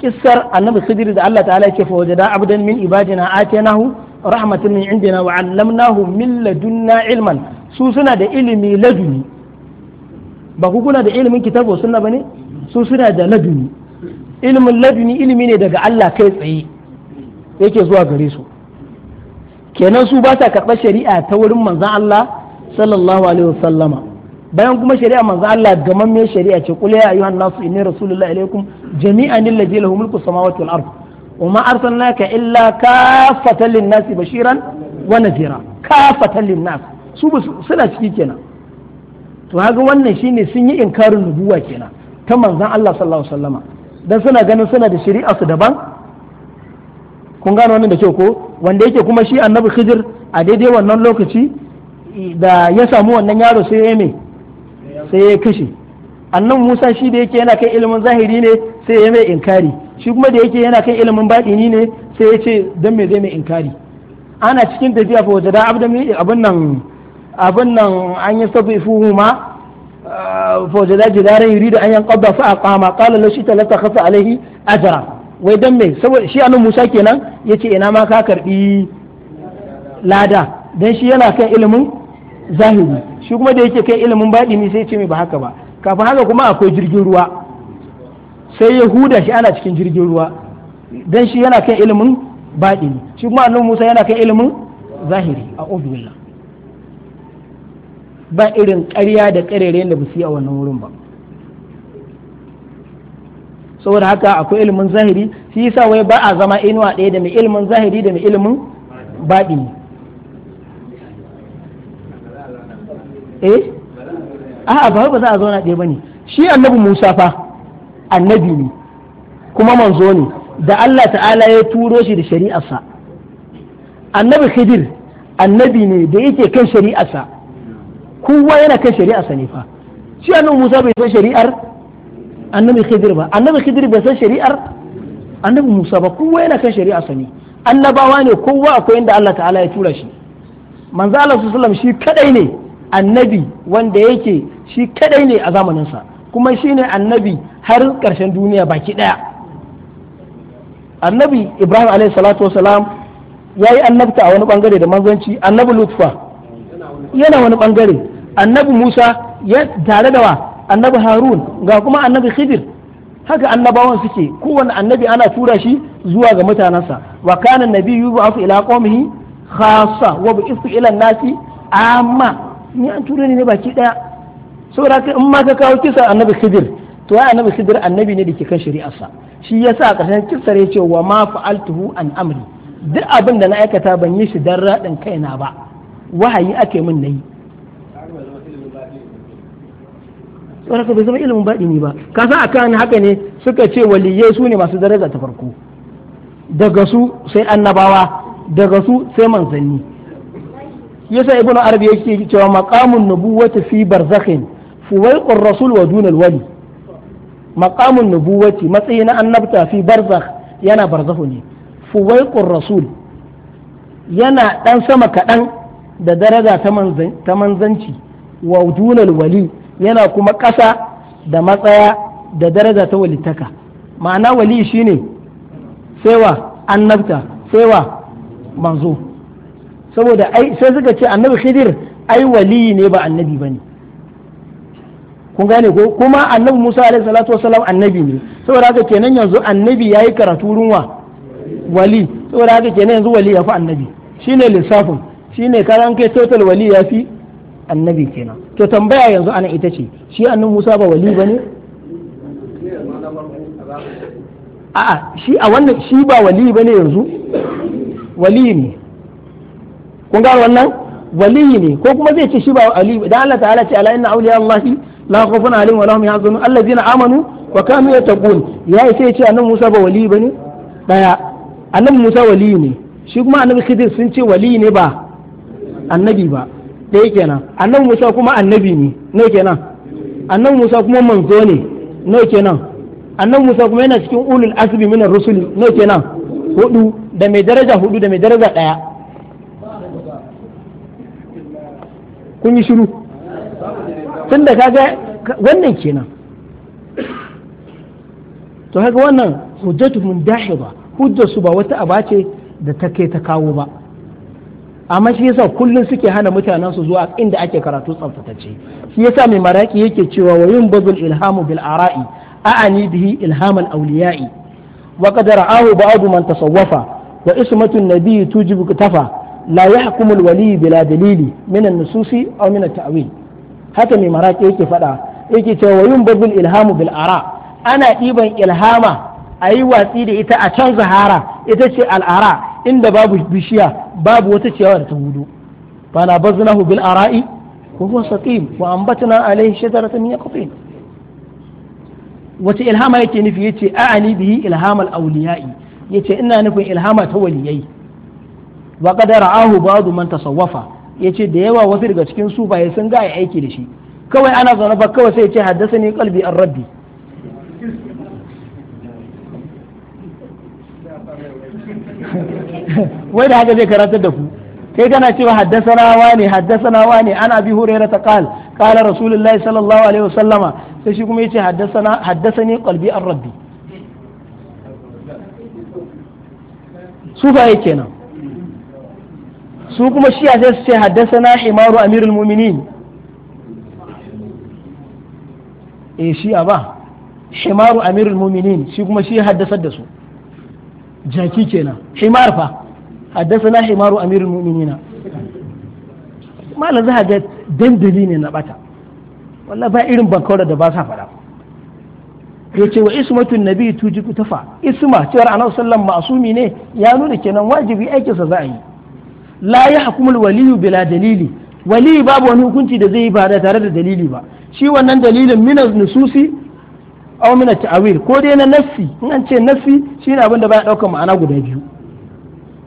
kisar annabi khidir da Allah ta'ala yake fa wajada abdan min ibadina atainahu rahmatan min indina wa 'allamnahu min ladunna ilman su suna da ilimi laduni ba ku kuna da ilimin kitabu sunna bane su suna da laduni ilimin laduni ilimi ne daga Allah kai tsaye yake zuwa gare su kenan su ba ta karɓar shari'a ta wurin manzon Allah sallallahu alaihi wasallama bayan kuma shari'a manzo Allah gamamme shari'a ce qul ya ayyuhan nasu inni rasulullahi ilaikum jami'an alladhi lahu mulku samawati wal ard wa ma arsalnaka illa kaffatan lin-nasi bashiran wa nadhira kaffatan lin-nas su suna ciki kenan to haka wannan shine sun yi inkarin nubuwa kenan ta manzon Allah sallallahu alaihi wasallama dan suna ganin suna da shari'a su daban kun gane wannan da kyau ko wanda yake kuma shi annabi Khidir a daidai wannan lokaci da ya samu wannan yaro sai ya mai sai ya kashe annan musa shi da yake yana kai ilimin zahiri ne sai ya mai inkari shi kuma da yake yana kai ilimin baɗini ne sai ya ce don me zai mai inkari ana cikin tafiya fa wajada abin nan abin nan an yi sabu ifuhu ma ah, fa wajada jidaran da an yanqada fa aqama qala law talata latakhasa alaihi ajra wai dan me saboda shi annan musa kenan yace ina ma ka karbi lada dan shi yana kan ilimin zahiri shi kuma da yake kai ilimin baɗi ne sai ce mai ba haka ba kafin haka kuma akwai jirgin ruwa sai ya huda shi ana cikin jirgin ruwa dan shi yana kan ilimin baɗi ne shi kuma annabi Musa yana kan ilimin zahiri a ubillah ba irin ƙarya da ƙarere da ba su yi a wannan wurin ba saboda haka akwai ilimin zahiri shi yasa wai ba a zama inuwa ɗaya da mai ilimin zahiri da mai ilimin baɗi ne. eh a'a ba ba za a zauna ɗaya bane shi annabi Musa fa annabi ne kuma manzo ne da Allah ta'ala ya turo shi da shari'arsa annabi Khidir annabi ne da yake kan shari'arsa kowa yana kan shari'arsa ne fa shi annabi Musa bai san shari'ar annabi Khidir ba annabi Khidir bai san shari'ar annabi Musa ba kowa yana kan shari'arsa ne annabawa ne kowa akwai inda Allah ta'ala ya tura shi manzo Allah sallallahu alaihi wasallam shi kadai ne annabi wanda yake shi kadai ne a zamaninsa kuma shi ne annabi har ƙarshen duniya baki ɗaya annabi ibrahim A.S. ya yi annabta a wani bangare da manzanci annabi lutfa yana wani bangare annabi musa ya tare da wa annabi harun ga kuma annabi khidir haka annabawan suke kowane annabi ana tura shi zuwa ga mutanensa wa kana nabiyyu su ila qaumihi khassa wa bi'ithu ila nasi amma ni an tura ni ne baki daya saboda haka in ma ka kawo kisa annabi khidir to ai annabi khidir annabi ne da ke kan shari'arsa shi yasa a kisa ya ce wa ma fa'altuhu an amri duk abin da na aikata ban yi shi dan raɗin kaina ba wahayi ake min nayi saboda ka bai zama ilimin baɗi ne ba ka san akan haka ne suka ce waliyai su ne masu daraja ta farko daga su sai annabawa daga su sai manzanni yasa ibnu arabi yake cewa maqamun nubuwati fi barzakhin fuwaiqur rasul wa dunal wali maqamun nubuwati matsayi na annabta fi barzakh yana barzakhu ne fuwaiqur rasul yana dan sama kadan da daraja ta manzanci wa dunal wali yana kuma ƙasa da matsaya da daraja ta walitaka ma'ana wali shine sai wa annabta sai wa manzo saboda ai sai suka ce annabi khidir ai wali ne ba annabi bane kun gane ko kuma annabi Musa alaihi salatu wasalam annabi ne saboda haka kenan yanzu annabi yayi karatu runwa wali saboda haka kenan yanzu wali ya fi annabi shine lissafin shine karan kai total wali ya fi annabi kenan to tambaya yanzu ana ita ce shi annabi Musa ba wali bane a'a shi a wannan shi ba wali bane yanzu wali ne kun gano wannan waliyi ne ko kuma zai ce shi ba ali dan Allah ta'ala ce ala inna awliya allahi la khawfun alaihim wa lahum yahzanun allazina amanu wa kanu yattaqun ya sai ce annabi Musa ba waliyi bane daya annabi Musa waliyi ne shi kuma annabi Khidir sun ce waliyi ne ba annabi ba dai kenan annabi Musa kuma annabi ne ne kenan annabi Musa kuma manzo ne ne kenan annabi Musa kuma yana cikin ulul azmi minar rusuli ne kenan hudu da mai daraja hudu da mai daraja daya kun yi shiru tunda kaga wannan kenan to haka wannan hujjatu mun dahi ba hujjar su ba wata aba ce da ta kai ta kawo ba amma shi yasa kullum suke hana mutanen su zuwa inda ake karatu tsaftatacce shi yasa mai maraki yake cewa wa yin bazul ilhamu bil ara'i a'ani bihi ilhamal awliya'i wa qad ra'ahu ba'd man tasawwafa wa ismatu an-nabi tujibu katafa la yahkumu al-wali bila dalili min an-nususi aw min at-ta'wil haka mai maraki yake faɗa yake cewa wayun babul ilhamu bil ara ana ɗiban ilhama a yi watsi da ita a can zahara ita ce al'ara inda babu bishiya babu wata ciyawa da ta hudu fana baznahu bil ara'i wa huwa saqim wa ambatna alayhi shajaratan min yaqtin wace ilhama yake nufi yace a'ani biyi ilhamar awliya'i yace ina nufin ilhama ta waliyai wa qadara ahu ba'du man tasawwafa yace da yawa wasu daga cikin sufaye sun ga aiki da shi kawai ana zaune ba kawai sai ya ce haddasani qalbi an rabbi wai da haka zai karatar da ku kai kana cewa haddasana wani haddasana wani ana bi hurairah ta qal qala rasulullahi sallallahu alaihi wasallama sai shi kuma yace haddasana haddasani qalbi an rabbi sufaye kenan su kuma shi a sai su ce na himaru amirul muminin e eh, shi a ba himaru amirul muminin shi kuma shi haddasar da su jaki kenan himar fa na himaru amirul muminina malam za ga dandali ne na bata wallah ba irin bankaura da ba sa faɗa ya ce wa ismatun nabi tuji tafa, isma cewar annabi sallallahu alaihi wasallam ne ya nuna kenan wajibi aikinsa za a yi la ya waliyu bila dalili waliyu babu wani hukunci da zai yi ba da tare da dalili ba shi wannan dalilin mina nususi aw min ta'awil ko dai na nassi in an ce nassi shine abin da baya daukar ma'ana guda biyu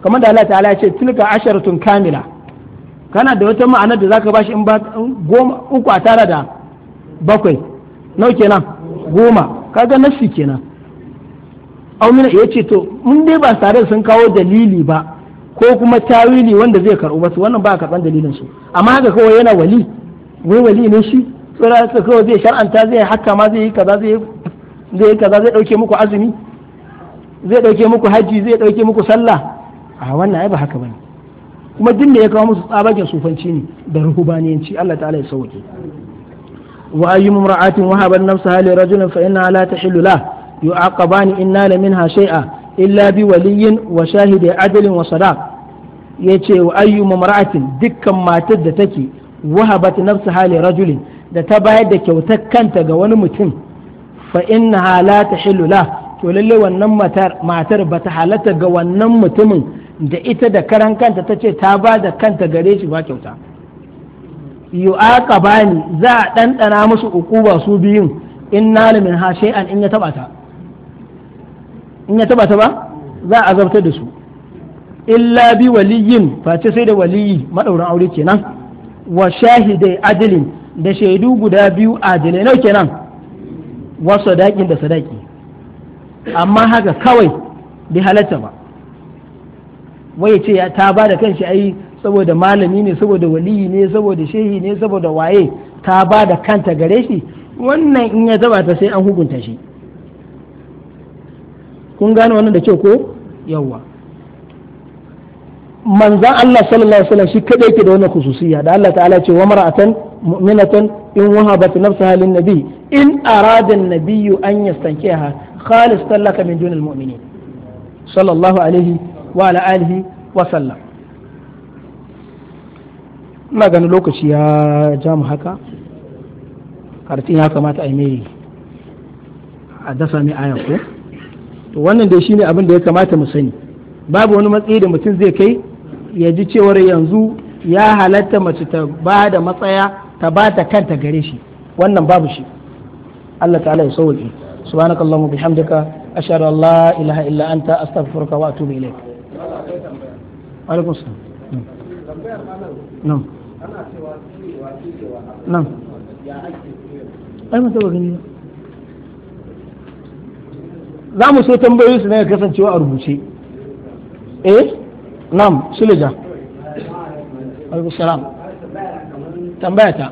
kamar da Allah ta'ala ya ce tilka asharatun kamila kana da wata ma'ana da zaka bashi in ba goma uku a tara da bakwai nau kenan goma kaga nassi kenan aw ya yace to mun dai ba tare sun kawo dalili ba ko kuma tawili wanda zai karɓi wasu wannan ba a karɓan dalilin su amma haka kawai yana wali wai wali ne shi tsira ka kawai zai shar'anta zai haka ma zai yi kaza zai zai kaza zai dauke muku azumi zai dauke muku haji zai dauke muku sallah a wannan ai ba haka bane kuma duk da ya kawo musu tsabagen sufanci ne da ruhubaniyanci Allah ta'ala ya sauke wa ayyu mumra'atin wahaba nafsaha li rajulin fa inna la tahillu la yu'aqabani inna la minha shay'a illa bi waliyin wa shahidi adalin wa sadaq yace wa ayyu mamra'atin dukkan matar da take wahabat nafsaha li rajulin da ta bayar da kyautar kanta ga wani mutum fa innaha la tahillu la to lalle wannan matar matar bata halatta ga wannan mutumin da ita da karan kanta tace ta ba da kanta gare shi ba kyauta yu aqabani za a ɗanɗana musu ukuba su biyun in min ha shay'an in ya tabata. in ya taba ta ba za a azabtar da su illa bi waliyin face sai da waliyi madaurin aure kenan wa shahidai adilin da shaidu guda biyu adilai nau kenan wa sadakin da sadaki amma haka kawai bi halatta ba wai ce ta ba da kanshi ai saboda malami ne saboda waliyi ne saboda shehi ne saboda waye ta ba da kanta gare shi wannan in ya zaba ta sai an hukunta shi kun gane wannan da kyau ko yawa manzan Allah sallallahu alaihi wasallam shi kadai yake da wannan khususiyya da Allah ta'ala ce wa mar'atan mu'minatan in wahabat nafsaha lin nabi in arada an-nabiy an yastankiha khalis talaka min dunil mu'minin sallallahu alaihi wa ala alihi wa sallam ina ganin lokaci ya ja mu haka kartin ya kamata a yi mai a dasa mai ayan ko to wannan dai shine abin da ya kamata mu sani babu wani matsayi da mutum zai kai ya ji cewar yanzu ya halatta mace ta ba da matsaya ta ba ta kanta gare shi wannan babu shi Allah ta'ala ya sauke subhanakallahumma bihamdika ashhadu an la ilaha illa anta astaghfiruka wa atubu ilaik alaikum salam nan nan ai mata ba gani za mu so tambayoyi su ne kasancewa a rubuce eh nam suleja alaikum salam tambaya ta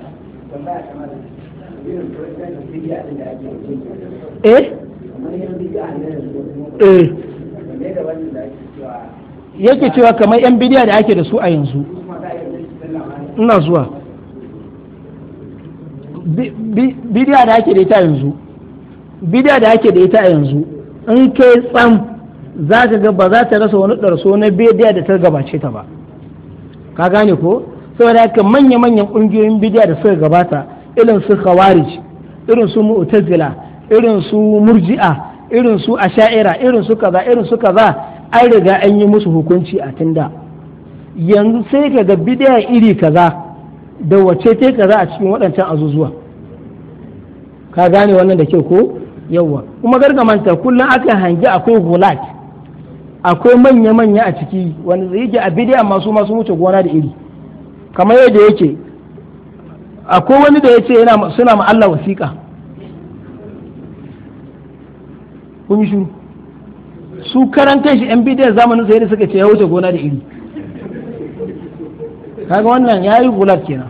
eh eh yake cewa kamar yan bidiya da ake da su a yanzu ina zuwa bidiya da ake da ita yanzu bidiya da ake da ita yanzu in kai tsam za ka ga ba za ta rasa wani ɗarso na bidiya da ta gabace ta ba ka gane ko saboda haka manya-manyan ƙungiyoyin bidiya da suka gabata irin su khawarij irin su mu'tazila irin su murji'a irin su asha'ira irin su kaza irin su kaza an riga an yi musu hukunci a tunda yanzu sai ka ga bidiya iri kaza da wace ta kaza a cikin waɗancan azuzuwa ka gane wannan da kyau ko yawa kuma gargamanta kullum aka hangi akwai gulat akwai manya-manya a ciki wanda zai yake a bidiya masu masu wuce gona da iri kamar yadda yake akwai wani da ya ce suna ma Allah wasiƙa kun yi su karan shi yan bidiyan zamanin sai suka ce ya wuce gona da iri kaga wannan ya yi gulat kenan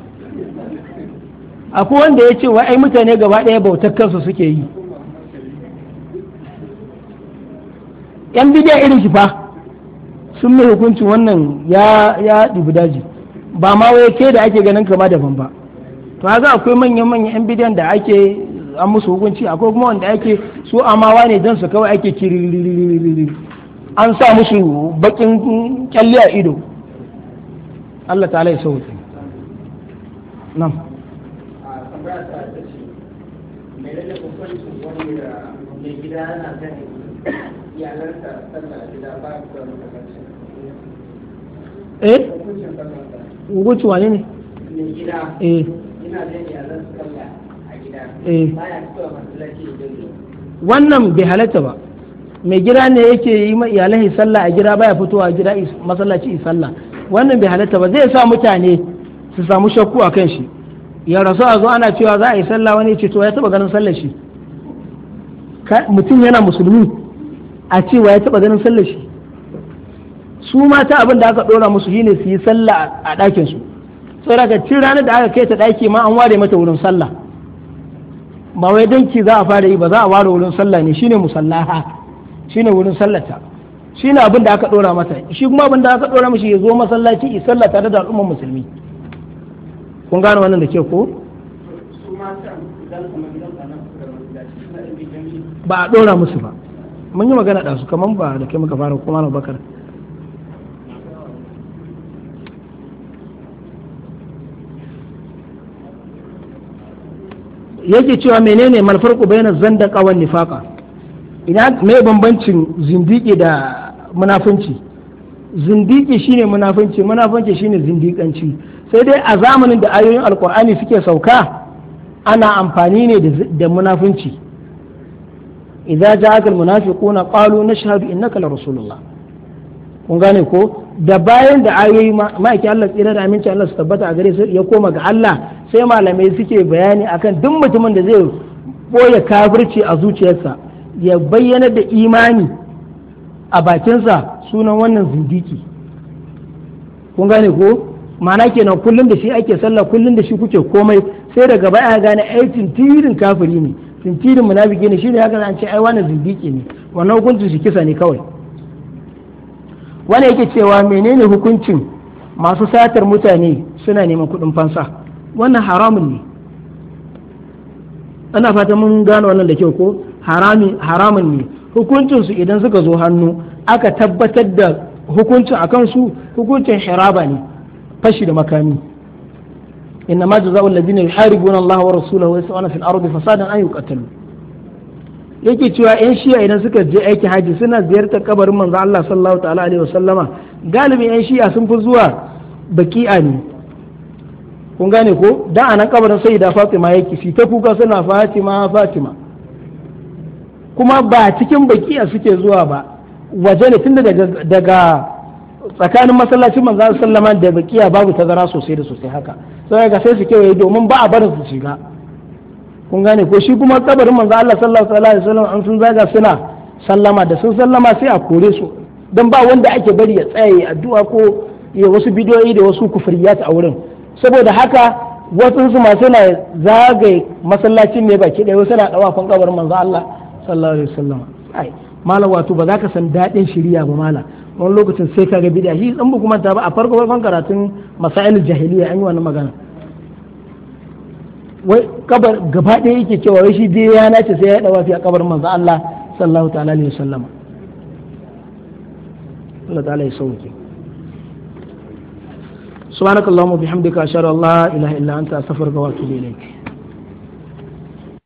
akwai wanda ya ce wa ai mutane gaba ɗaya bautar kansu suke yi yan bidiya irin shi fa sun mai hukuncin wannan ya ya daji ba ma wai ke da ake ganin kama daban ba to haza akwai manyan manyan yan bidiyan da ake an musu hukunci akwai kuma wanda ake su amawa ne don su kawai ake kiri an sa musu bakin kyalle a ido Allah ta'ala ya sauke nan mai gida sallah gida ba eh hukuncin wane ne gida eh ina sallah a gida eh masallaci wannan bai halatta ba mai gida ne yake yi ma iyalai sallah a gida baya fitowa gida masallaci sallah wannan bai halatta ba zai sa mutane su samu shakku a kan shi ya rasu a zo ana cewa za a yi sallah wani ce to ya taba ganin sallah shi mutum yana musulmi a cewa ya taɓa ganin sallar shi su mata abin da aka ɗora musu shine su yi sallah a ɗakin su daga cin ranar da aka kai ta ɗaki ma an ware mata wurin sallah ba wai danki za a fara yi ba za a ware wurin sallah ne shine musallaha shine wurin sallata shine abin da aka ɗora mata shi kuma abin da aka ɗora mishi ya zo masallaci ya sallah tare da al'ummar musulmi kun gane wannan da ke ko ba a ɗora musu ba mun yi magana da su ba da kai muka fara kuma na bakar yake cewa menene malfarku bayan da wan nifaka ina mai bambancin zindiki da munafunci zindiki shine munafunci munafunci shine zindikanci sai dai a zamanin da ayoyin alkur'ani suke sauka ana amfani ne da munafunci idza ja'aka almunafiquna qalu nashhadu innaka la rasulullah kun gane ko da bayan da ayoyi yake Allah tsira da aminci Allah su tabbata a gare su ya koma ga Allah sai malamai suke bayani akan duk mutumin da zai boye kafirci a zuciyarsa ya bayyana da imani a bakinsa sunan wannan zindiki kun gane ko ma'ana kenan kullum da shi ake sallah kullum da shi kuke komai sai daga baya gane aikin tirin kafiri ne tintirin munafiki ne shine haka an ce ai wani zindiki ne wannan hukuncin shi kisa ne kawai wani yake cewa menene hukuncin masu satar mutane suna neman kudin fansa wannan haramun ne ana fata mun gano wannan da kyau ko haramun ne hukuncinsu idan suka zo hannu aka tabbatar da hukuncin a kansu hukuncin hiraba ne fashi da makami إنما جزاء الذين يحاربون الله ورسوله ويسعون في الأرض فسادا أن يقتلوا yake cewa yan shiya idan suka je aiki haji suna ziyartar kabarin manzo Allah sallallahu ta'ala alaihi wasallama galibin yan shiya sun fi zuwa baki'a ne kun gane ko da anan kabarin sayyida Fatima yake shi ta kuka suna Fatima Fatima kuma ba cikin baki'a suke zuwa ba waje ne tun daga daga tsakanin masallacin manzo sallama da baki'a babu tazara sosai da sosai haka sai ga sai su kewaye domin ba a barin su shiga kun gane ko shi kuma kabarin manzo Allah sallallahu alaihi wasallam an sun zaga suna sallama da sun sallama sai a kore su dan ba wanda ake bari ya tsaye addu'a ko ya wasu bidiyoyi da wasu kufriyat a wurin saboda haka wasu su ma suna zagaye masallacin ne baki ɗaya wasu na kan kabarin manzo Allah sallallahu alaihi wasallam ai malam wato ba za ka san daɗin shiriya ba malam wani lokacin sai kaga bid'a shi ɗan ba kuma ta ba a farko farkon karatun masail jahiliya an yi wannan magana wai kabar gaba ɗaya yake cewa wai shi dai ya nace sai ya dawa a kabar manzo Allah sallallahu ta'ala alaihi wasallam Allah ta'ala ya sauke subhanakallahumma bihamdika ashhadu an la ilaha illa anta astaghfiruka wa atubu ilaik